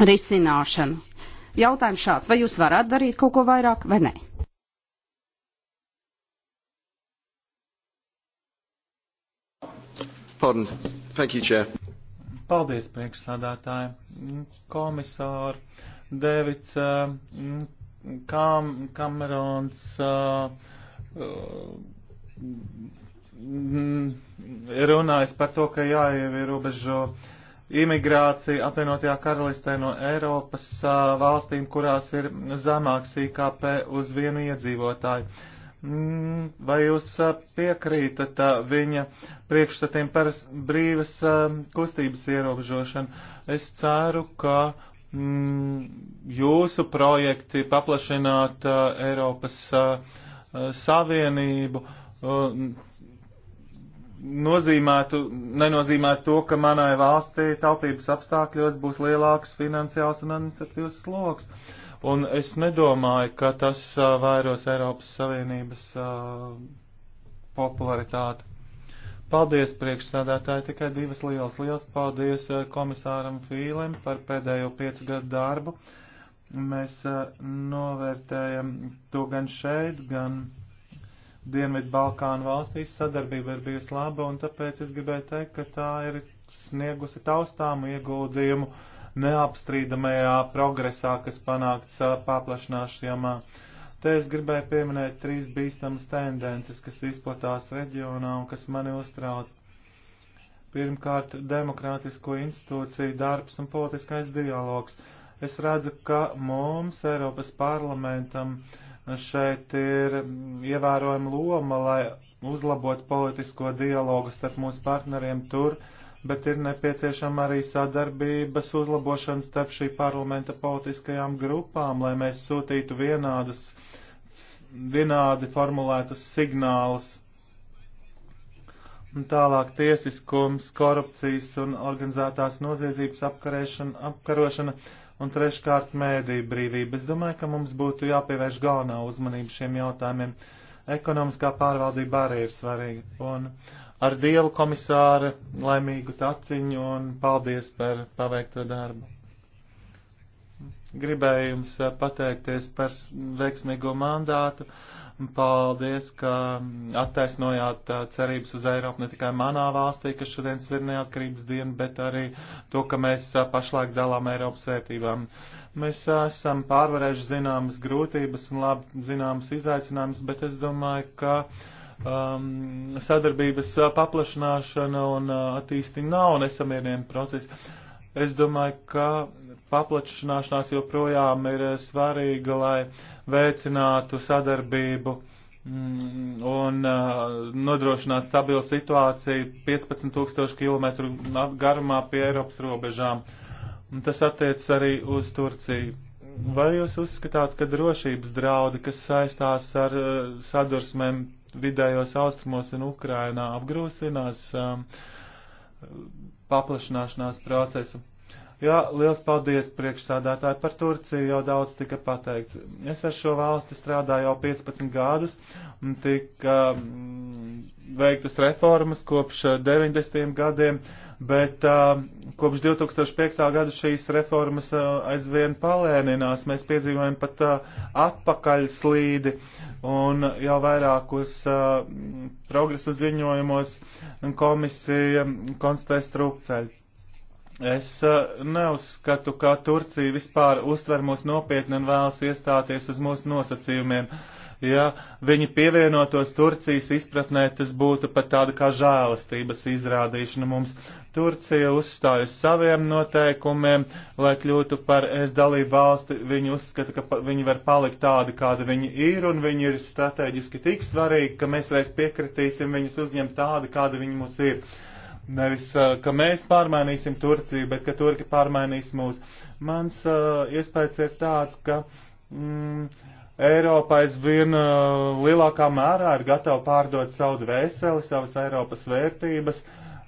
risināšanu. Jautājums šāds, vai jūs varat darīt kaut ko vairāk vai nē? Pardon. Thank you, Chair. Paldies, priekšsādātāji, komisāri Dēvids uh, kam, Kamerons uh, uh, runājis par to, ka jāierobežo imigrācija apvienotajā karalistē no Eiropas valstīm, kurās ir zemāks IKP uz vienu iedzīvotāju. Vai jūs piekrītat viņa priekšstatiem par brīvas kustības ierobežošanu? Es ceru, ka Mm, jūsu projekti paplašināt uh, Eiropas uh, uh, Savienību nozīmētu, nenozīmētu to, ka manai valstī taupības apstākļos būs lielāks finansiāls un administratīvs sloks. Un es nedomāju, ka tas vairos Eiropas Savienības popularitāti. Paldies, priekšsādātāji, tikai divas lielas. Lielas paldies eh, komisāram Fīlem par pēdējo piecu gadu darbu. Mēs eh, novērtējam to gan šeit, gan Dienvidu Balkānu valstīs. Sadarbība ir bijusi laba, un tāpēc es gribēju teikt, ka tā ir sniegusi taustāmu ieguldījumu neapstrīdamajā progresā, kas panākts eh, paplašanāšanās jomā. Ja Te es gribēju pieminēt trīs bīstamas tendences, kas izplatās reģionā un kas mani uztrauc. Pirmkārt, demokrātisko institūciju darbs un politiskais dialogs. Es redzu, ka mums, Eiropas parlamentam, šeit ir ievērojama loma, lai uzlabotu politisko dialogu starp mūsu partneriem tur, uh, bet ir nepieciešama arī sadarbības uzlabošana starp šī parlamenta politiskajām grupām, lai mēs sūtītu vienādas, vienādi formulētas signālus. Tālāk tiesiskums, korupcijas un organizētās noziedzības apkarošana un treškārt mēdī brīvība. Es domāju, ka mums būtu jāpievērš galvenā uzmanība šiem jautājumiem. Ekonomiskā pārvaldība arī ir svarīga. Un, uh, ar Dievu komisāra laimīgu taciņu un paldies par paveikto darbu. Gribēju jums eh, pateikties par veiksmīgo mandātu. Paldies, ka attaisnojāt eh, cerības uz Eiropu ne tikai manā valstī, kas šodien svir neatkarības dienu, bet arī to, ka mēs eh, pašlaik dalām Eiropas vērtībām. Mēs esam pārvarējuši zināmas grūtības un labi zināmas izaicinājumus, bet es domāju, ka uh, um, sadarbības uh, paplašināšana un uh, attīstība nav nesamierinājuma process. Es domāju, ka paplašināšanās joprojām ir uh, svarīga, lai veicinātu sadarbību mm, un nodrošināt stabilu situāciju 15 tūkstošu kilometru garumā pie Eiropas robežām. Un tas attiec arī uz Turciju. Vai jūs uzskatāt, ka drošības draudi, kas saistās ar eh, sadursmēm vidējos austrumos un Ukrainā, apgrūsinās um, paplašanāšanās procesu? Jā, liels paldies priekšsādātāji par Turciju, jau daudz tika pateikts. Es ar šo valsti strādāju jau 15 gadus, tika um, veiktas reformas kopš 90. Eh, gadiem. Uh, bet uh, kopš 2005. gada šīs reformas uh, aizvien palēninās. Mēs piedzīvojam pat uh, atpakaļslīdi un jau vairākus uh, progresa ziņojumos komisija konstatē strupceļu. Es uh, neuzskatu, ka Turcija vispār uztver mūs nopietni un vēlas iestāties uz mūsu nosacījumiem. Uh, Ja viņi pievienotos Turcijas izpratnē, tas būtu pat tāda kā žēlastības izrādīšana mums. Turcija uzstājas saviem noteikumiem, lai kļūtu par es dalību valsti. Viņi uzskata, ka viņi var palikt tādi, kādi viņi ir, un viņi ir strateģiski tik svarīgi, ka mēs reiz piekritīsim viņus uzņemt tādi, kādi viņi mūs ir. Nevis, ka mēs pārmainīsim Turciju, bet ka Turki pārmainīs mūs. Mans uh, iespējas ir tāds, ka. Mm, Eiropa aizvien uh, lielākā mērā ir gatava pārdot savu dvēseli, savas Eiropas vērtības,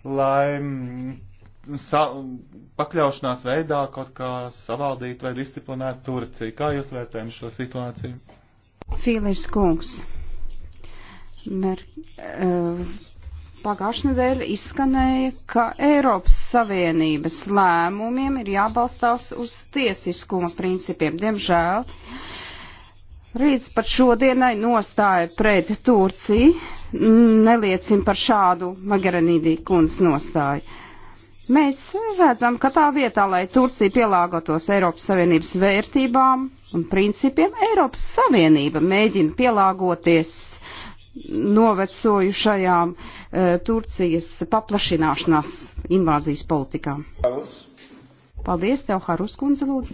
lai mm, sa, pakļaušanās veidā kaut kā savaldītu vai disciplinētu Turciju. Kā jūs vērtējam šo situāciju? Fīlis Kungs. Mer, uh, pagājušajā nedēļā izskanēja, ka Eiropas Savienības lēmumiem ir jābalstās uz tiesiskuma principiem. Diemžēl Rīts pat šodienai nostāja pret Turciju neliecina par šādu Magaranīdī kundas nostāju. Mēs redzam, ka tā vietā, lai Turcija pielāgotos Eiropas Savienības vērtībām un principiem, Eiropas Savienība mēģina pielāgoties novecojušajām uh, Turcijas paplašināšanās invāzijas politikām. Paldies, tev, Harus kundze, lūdzu.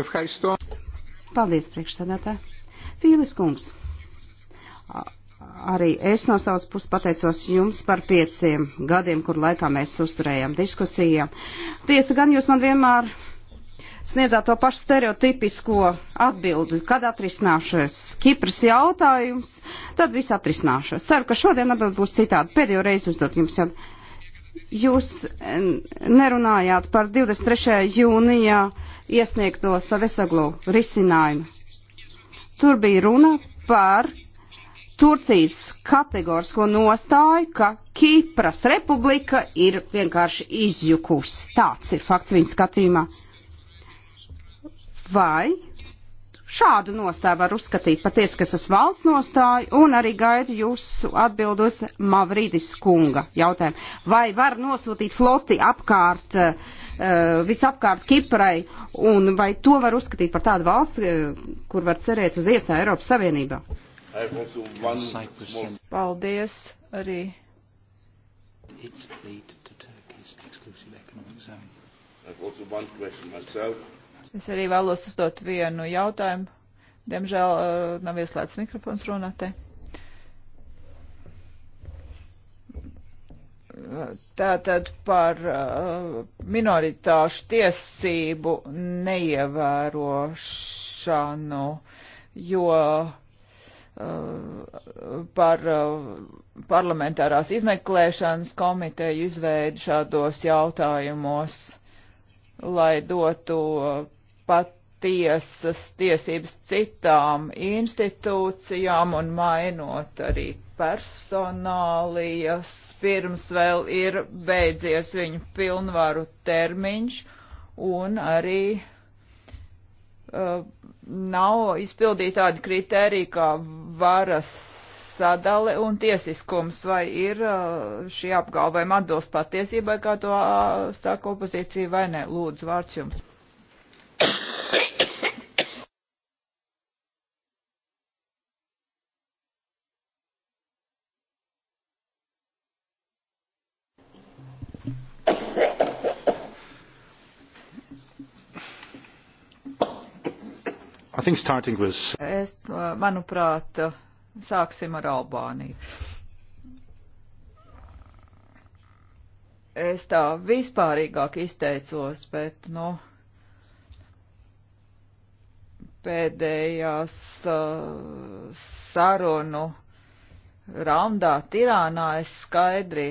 Efhaisto. Paldies, priekšsēdētāji. Fīlis kungs, arī es no savas puses pateicos jums par pieciem gadiem, kur laikā mēs uzturējām diskusijām. Tiesa gan jūs man vienmēr sniedzāt to pašu stereotipisko atbildi, kad atrisināšos Kipras jautājums, tad viss atrisināšos. Ceru, ka šodien atbild būs citādi. Pēdējo reizi uzdot jums jautājumu. Jūs eh, nerunājāt par 23. jūnijā iesniegto savesaglu risinājumu. Tur bija runa par Turcijas kategorisko nostāju, ka Kīpras republika ir vienkārši izjukusi. Tāds ir fakts viņa skatījumā. Vai Šādu nostāju var uzskatīt par tieskasas valsts nostāju un arī gaidu jūsu atbildus Mavrīdis kunga jautājumu. Vai var nosūtīt floti apkārt, eh, eh, visapkārt Kiprai un vai to var uzskatīt par tādu valsts, eh, kur var cerēt uz iestāju Eiropas Savienībā? Paldies arī. It's played to Turkey's exclusive economic zone. I've also one question myself. Es arī vēlos uzdot vienu jautājumu. Diemžēl uh, nav ieslēgts mikrofons runātē. Tātad par uh, minoritāšu tiesību neievērošanu, jo uh, par uh, parlamentārās izmeklēšanas komiteju izveidi šādos jautājumos lai dotu uh, patiesas tiesības citām institūcijām un mainot arī personālijas, pirms vēl ir beidzies viņu pilnvaru termiņš un arī uh, nav izpildīti tādi kriteriji kā varas sadale un tiesiskums, vai ir uh, šī apgalvojuma atbilst patiesībai, kā to uh, saka opozīcija, vai ne? Lūdzu, vārds jums. I think starting with... Es, uh, manuprāt, Sāksim ar Albāniju. Es tā vispārīgāk izteicos, bet, nu, pēdējās uh, sarunu raundā Tirānā es skaidri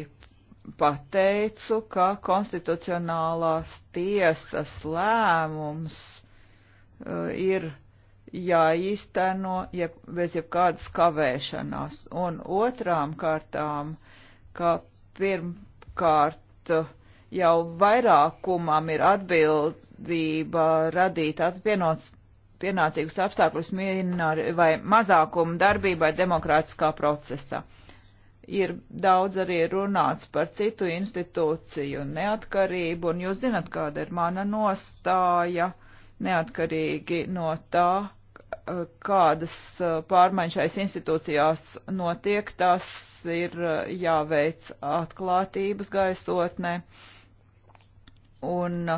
pateicu, ka konstitucionālās tiesas lēmums uh, ir jāīsteno jeb, bez jebkādas kavēšanās. Un otrām kārtām, ka pirmkārt jau vairākumam ir atbildība radīt atvienots pienācīgus apstākļus minori vai mazākumu darbībai demokrātiskā procesā. Ir daudz arī runāts par citu institūciju neatkarību, un jūs zinat, kāda ir mana nostāja, neatkarīgi no tā, Eh, kādas eh, pārmaiņas šais institūcijās notiek, tas ir eh, jāveic atklātības gaisotnē. Un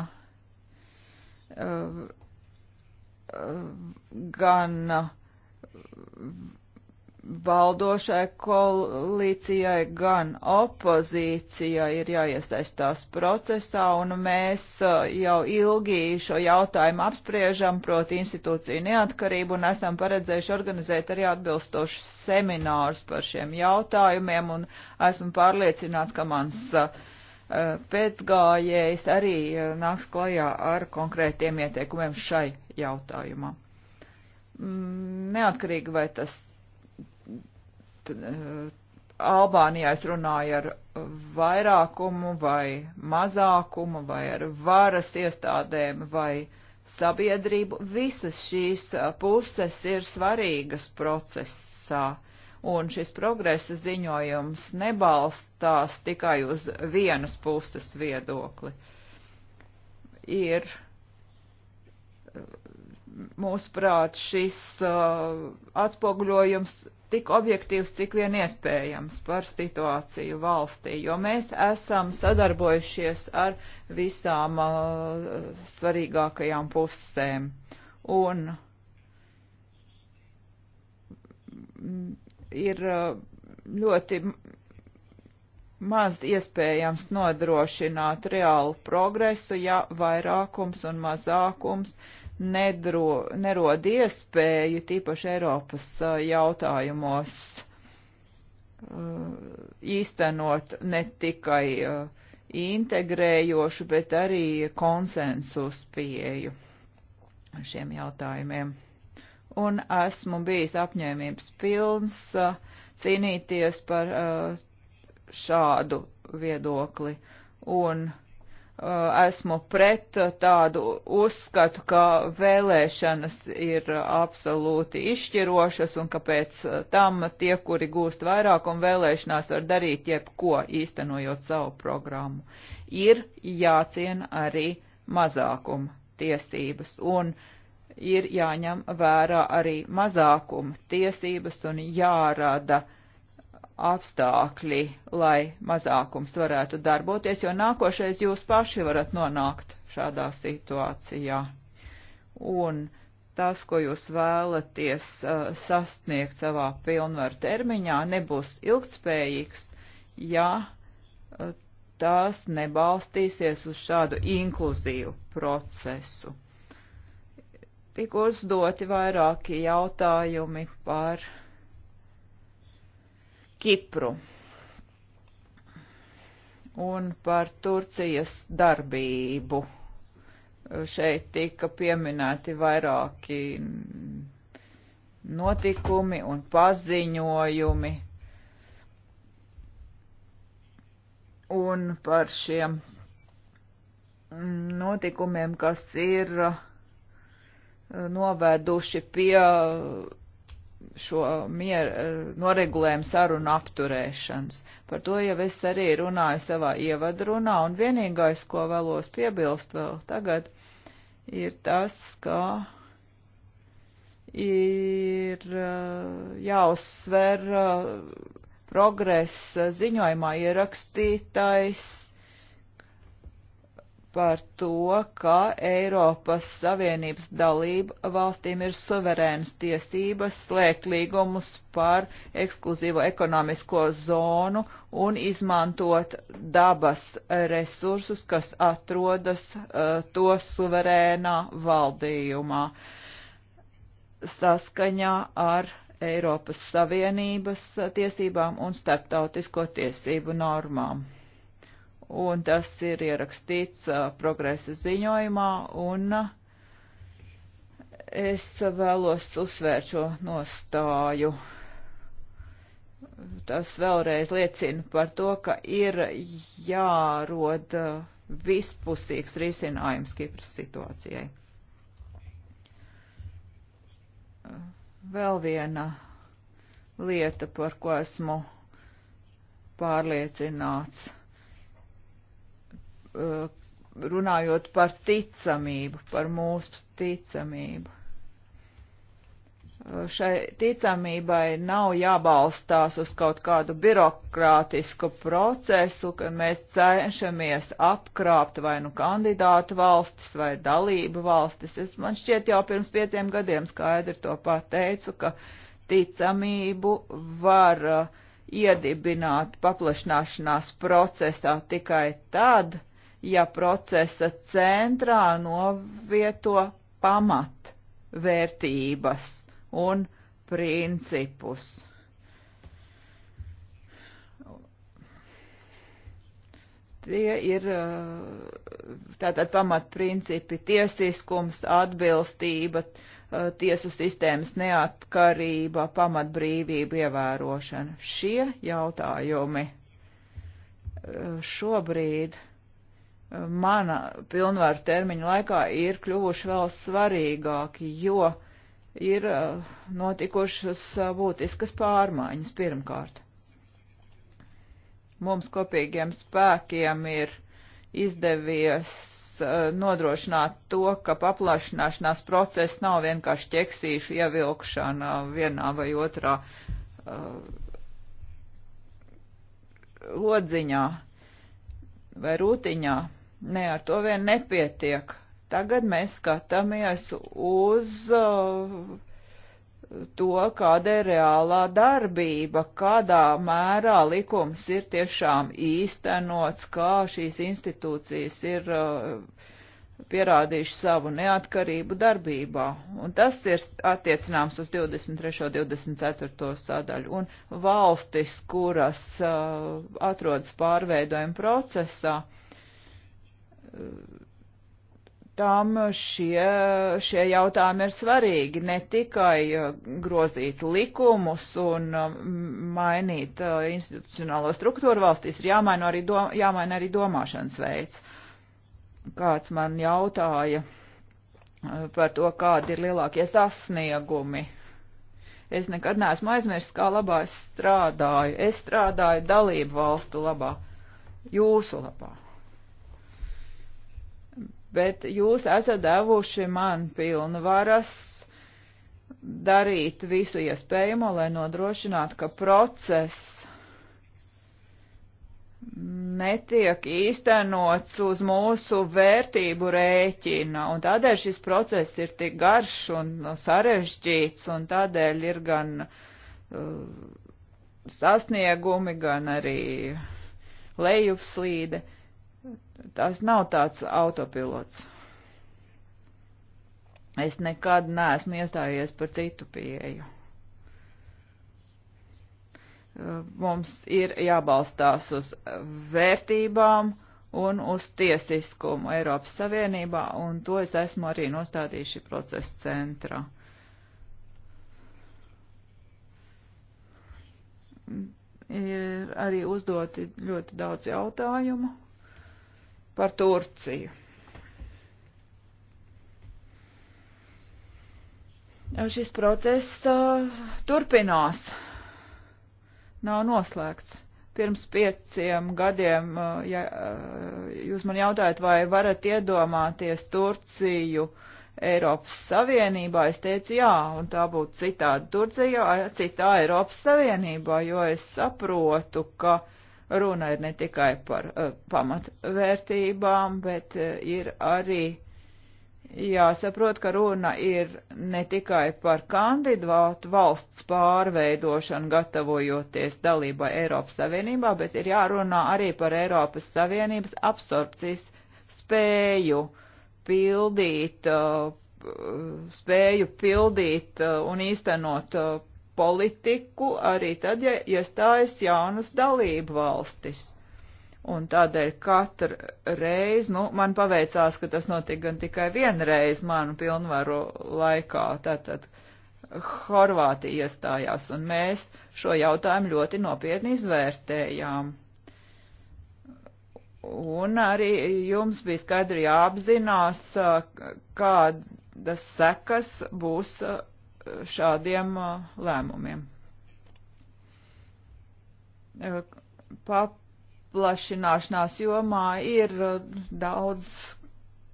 gan valdošai koalīcijai, gan opozīcijai ir jāiesaistās procesā, un mēs uh, jau ilgi šo jautājumu apspriežam, proti institūciju neatkarību, un esam paredzējuši organizēt arī atbilstošus seminārus par šiem jautājumiem, un esmu pārliecināts, ka mans uh, pēcgājējs arī uh, nāks klajā ar konkrētiem ieteikumiem šai jautājumā. Mm, neatkarīgi vai tas Eh, Albānijā es runāju ar vairākumu vai mazākumu vai ar varas iestādēm vai sabiedrību. Visas šīs eh, puses ir svarīgas procesā, un šis progresa ziņojums nebalstās tikai uz vienas puses viedokli. Ir mūsuprāt, šis uh, atspoguļojums tik objektīvs, cik vien iespējams par situāciju valstī, jo mēs esam sadarbojušies ar visām uh, svarīgākajām pusēm. Un ir uh, ļoti maz iespējams nodrošināt reālu progresu, ja vairākums un mazākums uh, nedro, nerod iespēju, tīpaši Eiropas jautājumos, īstenot ne tikai integrējošu, bet arī konsensus pieeju šiem jautājumiem. Un esmu bijis apņēmības pilns cīnīties par šādu viedokli. Un uh, Eh, esmu pret tādu uzskatu, ka vēlēšanas ir absolūti izšķirošas un ka pēc eh, tam tie, kuri gūst vairākumu vēlēšanās, var darīt jebko, īstenojot savu programmu. Ir jāciena arī mazākuma tiesības un ir jāņem vērā arī mazākuma tiesības un jārada uh, apstākļi, lai mazākums varētu darboties, jo nākošais jūs paši varat nonākt šādā situācijā. Un tas, ko jūs vēlaties uh, sasniegt savā pilnvaru termiņā, nebūs ilgtspējīgs, ja uh, tās nebalstīsies uz šādu inkluzīvu procesu. Tik uzdoti vairāki jautājumi par Kipru un par Turcijas darbību. Šeit tika pieminēti vairāki notikumi un paziņojumi un par šiem notikumiem, kas ir novēduši pie šo mieru eh, noregulējumu sarunu apturēšanas. Par to jau es arī runāju savā ievadrunā, un vienīgais, ko vēlos piebilst vēl tagad, ir tas, ka ir eh, jāuzsver eh, progresa ziņojumā ierakstītais par to, ka Eiropas Savienības dalība valstīm ir suverēnas tiesības slēgt līgumus par ekskluzīvo ekonomisko zonu un izmantot dabas resursus, kas atrodas uh, to suverēnā valdījumā saskaņā ar Eiropas Savienības tiesībām un starptautisko tiesību normām un tas ir ierakstīts progresa ziņojumā, un es vēlos uzsvērt šo nostāju. Tas vēlreiz liecina par to, ka ir jārod vispusīgs risinājums Kipras situācijai. Vēl viena lieta, par ko esmu pārliecināts Uh, runājot par ticamību, par mūsu ticamību. Uh, šai ticamībai nav jābalstās uz kaut kādu birokrātisku procesu, ka mēs cenšamies apkrāpt vai nu kandidātu valstis vai dalību valstis. Es man šķiet jau pirms pieciem gadiem skaidri to pateicu, ka ticamību var uh, iedibināt paplašināšanās procesā tikai tad, ja procesa centrā novieto pamatvērtības un principus. Tie ir uh, tātad pamatprincipi - tiesiskums, atbilstība, uh, tiesu sistēmas neatkarība, pamatbrīvība ievērošana. Šie jautājumi uh, šobrīd mana pilnvaru termiņa laikā ir kļuvuši vēl svarīgāki, jo ir uh, notikušas uh, būtiskas pārmaiņas pirmkārt. Mums kopīgiem spēkiem ir izdevies uh, nodrošināt to, ka paplašināšanās process nav vienkārši ķeksīšu ievilkšana vienā vai otrā uh, lodziņā vai rūtiņā, Nē, ar to vien nepietiek. Tagad mēs skatāmies uz uh, to, kāda ir reālā darbība, kādā mērā likums ir tiešām īstenots, kā šīs institūcijas ir uh, pierādījuši savu neatkarību darbībā. Un tas ir attiecināms uz 23. un 24. sadaļu. Un valstis, kuras uh, atrodas pārveidojuma procesā, uh, tam šie, šie jautājumi ir svarīgi, ne tikai uh, grozīt likumus un uh, mainīt uh, institucionālo struktūru valstīs, ir jāmaina arī, do, jāmaina arī domāšanas veids. Kāds man jautāja par to, kādi ir lielākie sasniegumi. Es nekad neesmu aizmirsis, kā labā es strādāju. Es strādāju dalību valstu labā, jūsu labā bet jūs esat devuši man pilnvaras darīt visu iespējamo, lai nodrošinātu, ka process netiek īstenots uz mūsu vērtību rēķina, un tādēļ šis process ir tik garš un sarežģīts, un tādēļ ir gan uh, sasniegumi, gan arī lejupslīde. Uh, Tas nav tāds autopilots. Es nekad neesmu iestājies par citu pieeju. Mums ir jābalstās uz vērtībām un uz tiesiskumu Eiropas Savienībā, un to es esmu arī nostādījis šī procesa centrā. Ir arī uzdoti ļoti daudz jautājumu par Turciju. Šis process uh, turpinās, nav noslēgts. Pirms pieciem gadiem, uh, ja uh, jūs man jautājat, vai varat iedomāties Turciju Eiropas Savienībā, es teicu jā, un tā būtu citāda Turcija, citā Eiropas Savienībā, jo es saprotu, ka uh, Runa ir ne tikai par uh, pamatvērtībām, bet uh, ir arī jāsaprot, ka runa ir ne tikai par kandidātu valsts pārveidošanu, gatavojoties dalībai Eiropas Savienībā, bet ir jārunā arī par Eiropas Savienības absorpcijas spēju pildīt uh, spēju pildīt un īstenot politiku arī tad, ja iestājas jaunas dalību valstis. Un tādēļ katru reizi, nu, man paveicās, ka tas notika gan tikai vienreiz manu pilnvaru laikā, tātad Horvātija iestājās, un mēs šo jautājumu ļoti nopietni izvērtējām. Un arī jums bija skaidri jāapzinās, kādas sekas būs šādiem lēmumiem. Paplašināšanās jomā ir daudz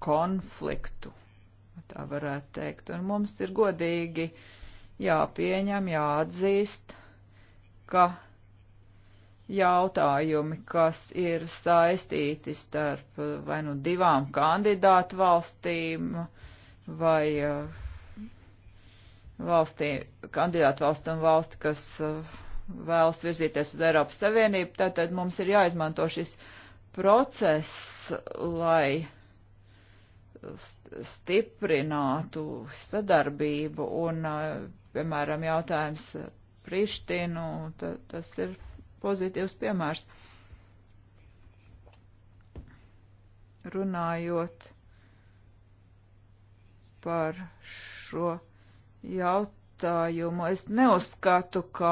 konfliktu, tā varētu teikt, un mums ir godīgi jāpieņem, jāatzīst, ka jautājumi, kas ir saistīti starp vai nu divām kandidātu valstīm vai uh, valstī, kandidātu valstu un valsti, kas uh, vēlas virzīties uz Eiropas Savienību, tātad mums ir jāizmanto šis process, lai stiprinātu sadarbību un, uh, piemēram, jautājums Prištinu, tas ir pozitīvs piemērs. Runājot par šo jautājumu. Es neuzskatu, ka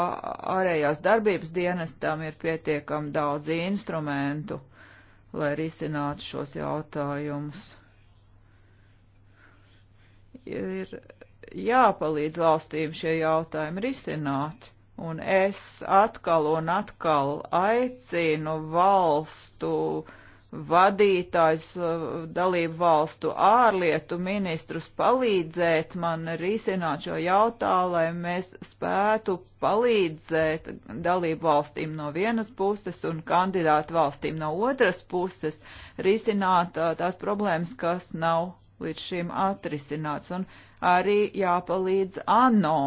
ārējās darbības dienestām ir pietiekami daudz instrumentu, lai risinātu šos jautājumus. Ir jāpalīdz valstīm šie jautājumi risināt. Un es atkal un atkal aicinu valstu uh, vadītājus, uh, dalību valstu ārlietu ministrus palīdzēt man risināt šo jautājumu, lai mēs spētu palīdzēt dalību valstīm no vienas puses un kandidātu valstīm no otras puses risināt uh, tās problēmas, kas nav līdz šim atrisināts, un arī jāpalīdz ANO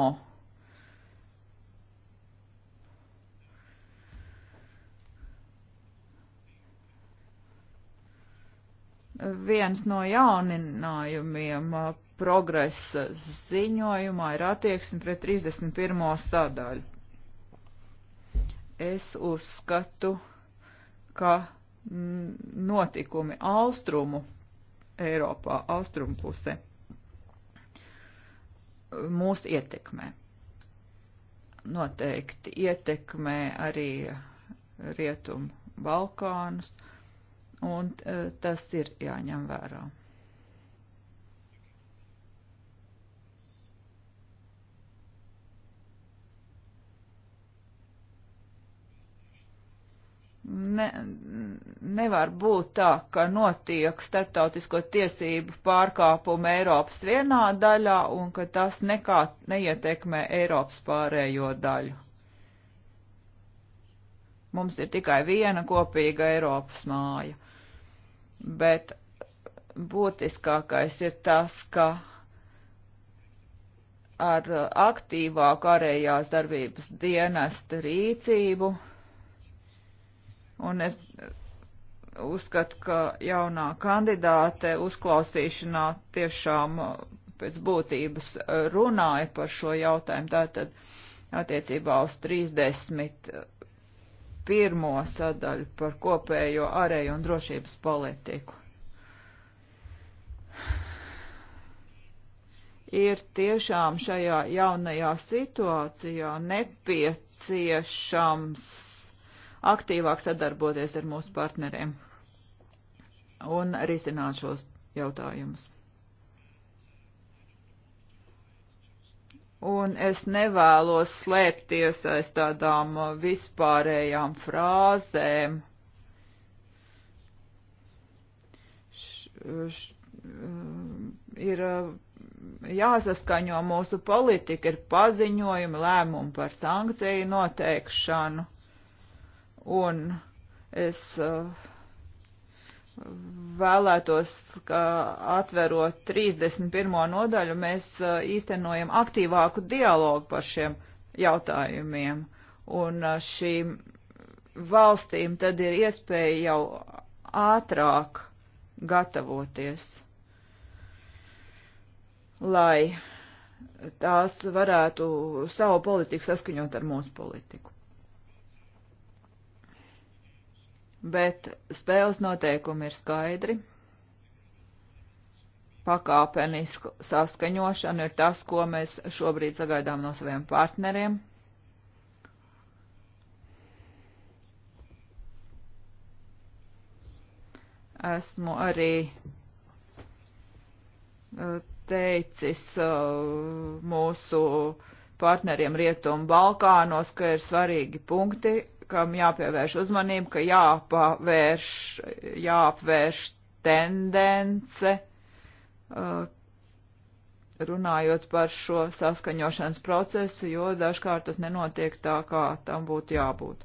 Viens no jauninājumiem progresa ziņojumā ir attieksme pret 31. sadaļu. Es uzskatu, ka notikumi austrumu Eiropā, austrumu pusē mūs ietekmē. Noteikti ietekmē arī rietumu Balkānus. Uh, un e, tas ir jāņem vērā. ne, nevar būt tā, ka notiek starptautisko tiesību pārkāpumi Eiropas vienā daļā un ka tas nekā neietekmē Eiropas pārējo daļu. Mums ir tikai viena kopīga Eiropas māja bet būtiskākais ir tas, ka ar aktīvāku ārējās darbības dienesta rīcību, un es uzskatu, ka jaunā kandidāte uzklausīšanā tiešām pēc būtības runāja par šo jautājumu, tātad attiecībā uz 30 pirmo sadaļu par kopējo ārēju un drošības politiku. Ir tiešām šajā jaunajā situācijā nepieciešams aktīvāk sadarboties ar mūsu partneriem un risināt šos jautājumus. un es nevēlos slēpties aiz tādām uh, vispārējām frāzēm. Š, š, uh, ir uh, jāsaskaņo mūsu politika, ir paziņojumi, lēmumi par sankciju noteikšanu, un es uh, vēlētos, ka atverot 31. nodaļu, mēs īstenojam aktīvāku dialogu par šiem jautājumiem. Un šīm valstīm tad ir iespēja jau ātrāk gatavoties, lai tās varētu savu politiku saskaņot ar mūsu politiku. bet spēles noteikumi ir skaidri. Pakāpenisku saskaņošanu ir tas, ko mēs šobrīd sagaidām no saviem partneriem. Esmu arī e, teicis e, mūsu partneriem Rietumu Balkānos, ka ir svarīgi punkti, kam jāpievērš uzmanība, ka jāpavērš, jāapvērš tendence, uh, runājot par šo saskaņošanas procesu, jo dažkārt tas nenotiek tā, kā tam būtu jābūt.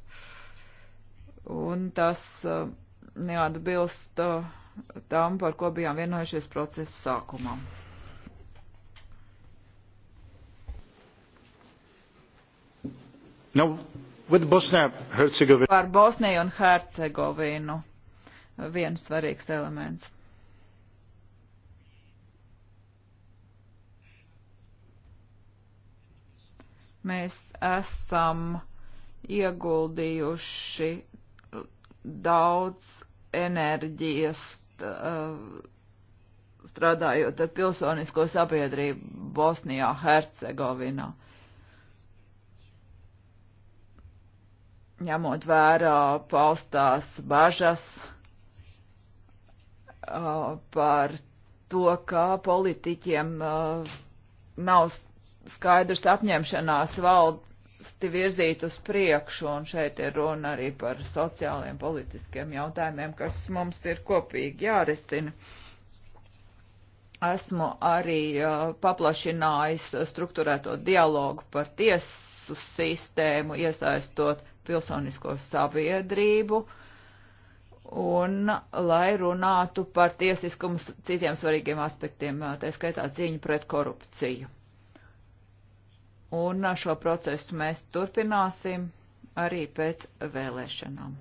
Un tas uh, neatbilst uh, tam, par ko bijām vienojušies procesa sākumā. No, nu, Par Bosniju un Hercegovinu viens svarīgs elements. Mēs esam ieguldījuši daudz enerģijas uh, strādājot ar pilsonisko sabiedrību Bosnijā, Hercegovinā. Uh, ņemot vērā paustās bažas par to, kā politiķiem nav skaidrs apņemšanās valsti virzīt uz priekšu, un šeit ir runa arī par sociāliem, politiskiem jautājumiem, kas mums ir kopīgi jārisina. Esmu arī paplašinājis struktūrēto dialogu par tiesu sistēmu, iesaistot pilsonisko sabiedrību un lai runātu par tiesiskumu citiem svarīgiem aspektiem, tā skaitā cīņu pret korupciju. Un šo procesu mēs turpināsim arī pēc vēlēšanām.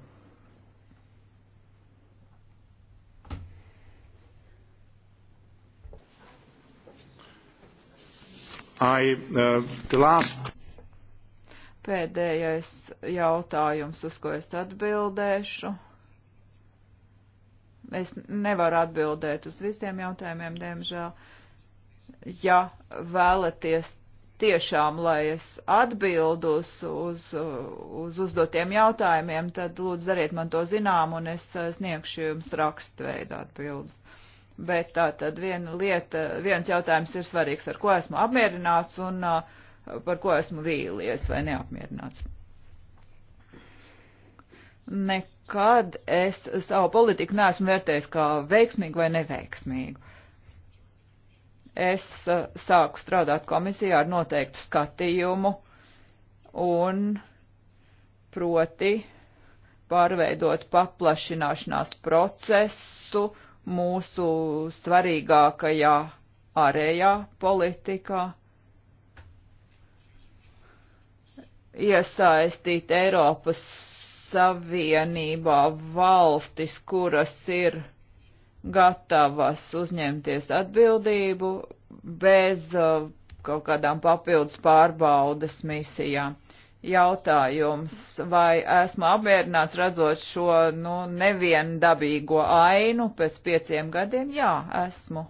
I, uh, the last Pēdējais jautājums, uz ko es atbildēšu. Es nevaru atbildēt uz visiem jautājumiem, diemžēl. Ja vēlaties tiešām, lai es atbildu uz, uz, uz uzdotiem jautājumiem, tad lūdzu dariet man to zinām un es sniegšu jums rakstveidu atbildes. Bet tā tad viena lieta, viens jautājums ir svarīgs, ar ko esmu apmierināts un uh, par ko esmu vīlies vai neapmierināts. Nekad es savu politiku neesmu vērtējis kā veiksmīgu vai neveiksmīgu. Es eh, sāku strādāt komisijā ar noteiktu skatījumu un proti pārveidot paplašināšanās procesu mūsu svarīgākajā ārējā politikā iesaistīt Eiropas Savienībā valstis, kuras ir gatavas uzņemties atbildību bez uh, kaut kādām papildus pārbaudas misijām. Jautājums, vai esmu apmierināts redzot šo nu, neviendabīgo ainu pēc pieciem gadiem? Jā, esmu.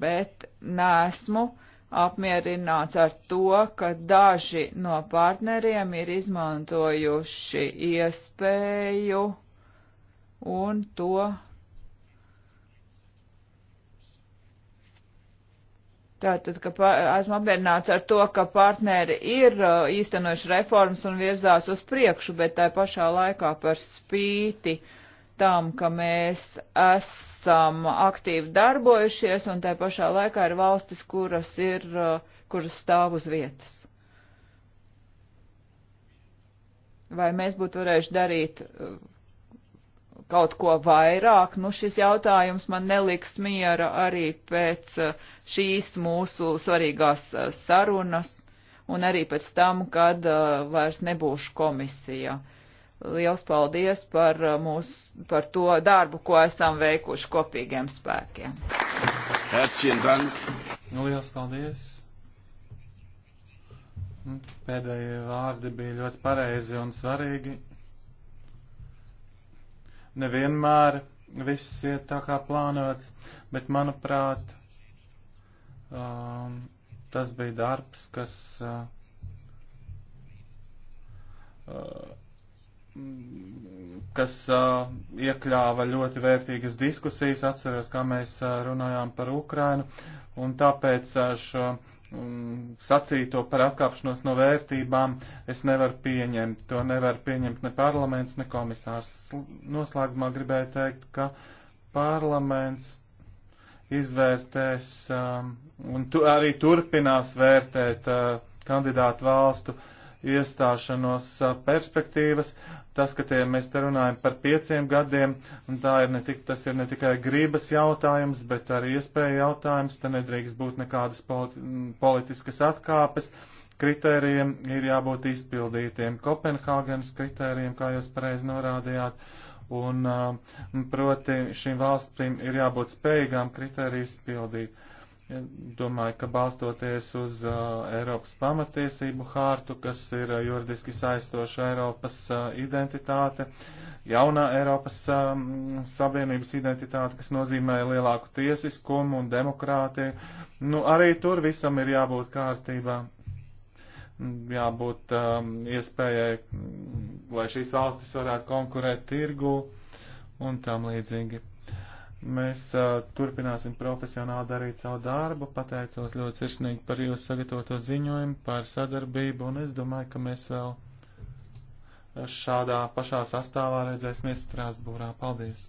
Bet nesmu. Uh, apmierināts ar to, ka daži no partneriem ir izmantojuši iespēju un to Tātad, ka pa, esmu apmierināts ar to, ka partneri ir uh, īstenojuši reformas un virzās uz priekšu, bet tā pašā laikā par spīti uh, tam, ka mēs esam aktīvi darbojušies, un tai pašā laikā ir valstis, kuras, ir, uh, kuras stāv uz vietas. Vai mēs būtu varējuši darīt uh, kaut ko vairāk? Nu, šis jautājums man neliks miera arī pēc uh, šīs mūsu svarīgās sarunas un arī pēc tam, kad vairs nebūšu komisijā. Uh, Liels paldies par, uh, mūs, par to darbu, ko esam veikuši kopīgiem spēkiem. Nu, liels paldies! Nu, pēdējie vārdi bija ļoti pareizi un svarīgi. Nevienmēr viss iet tā kā plānots, bet manuprāt, um, tas bija darbs, kas. Uh, uh, kas uh, iekļāva ļoti vērtīgas diskusijas, atceros, kā mēs uh, runājām par Ukrainu, un tāpēc uh, šo um, sacīto par atkāpšanos no vērtībām es nevaru pieņemt. To nevar pieņemt ne parlaments, ne komisārs. Noslēgumā gribēju teikt, ka parlaments izvērtēs um, un tu, arī turpinās vērtēt uh, kandidātu valstu uh, iestāšanos perspektīvas. Tas, ka tie, mēs te runājam par pieciem gadiem, un tā ir ne, tik, tas ir ne tikai grības jautājums, bet arī iespēja jautājums, te nedrīkst būt nekādas politi politiskas atkāpes. Kritērijiem ir jābūt izpildītiem. Kopenhāgenes kritērijiem, kā jūs pareizi norādījāt, un proti šīm valstīm ir jābūt spējīgām kritērijas pildīt Domāju, ka balstoties uz uh, Eiropas pamatiesību hārtu, kas ir uh, juridiski saistoša Eiropas uh, identitāte, jaunā Eiropas um, Savienības identitāte, kas nozīmē lielāku tiesiskumu un demokrātiju, nu arī tur visam ir jābūt kārtībā. Jābūt um, iespējai, mm, lai šīs valstis varētu konkurēt tirgu un tam līdzīgi Mēs uh, turpināsim profesionāli darīt savu darbu. Pateicos ļoti sirsnīgi par jūsu sagatavoto ziņojumu, par sadarbību, un es domāju, ka mēs vēl šādā pašā sastāvā redzēsimies Strāsbūrā. Paldies!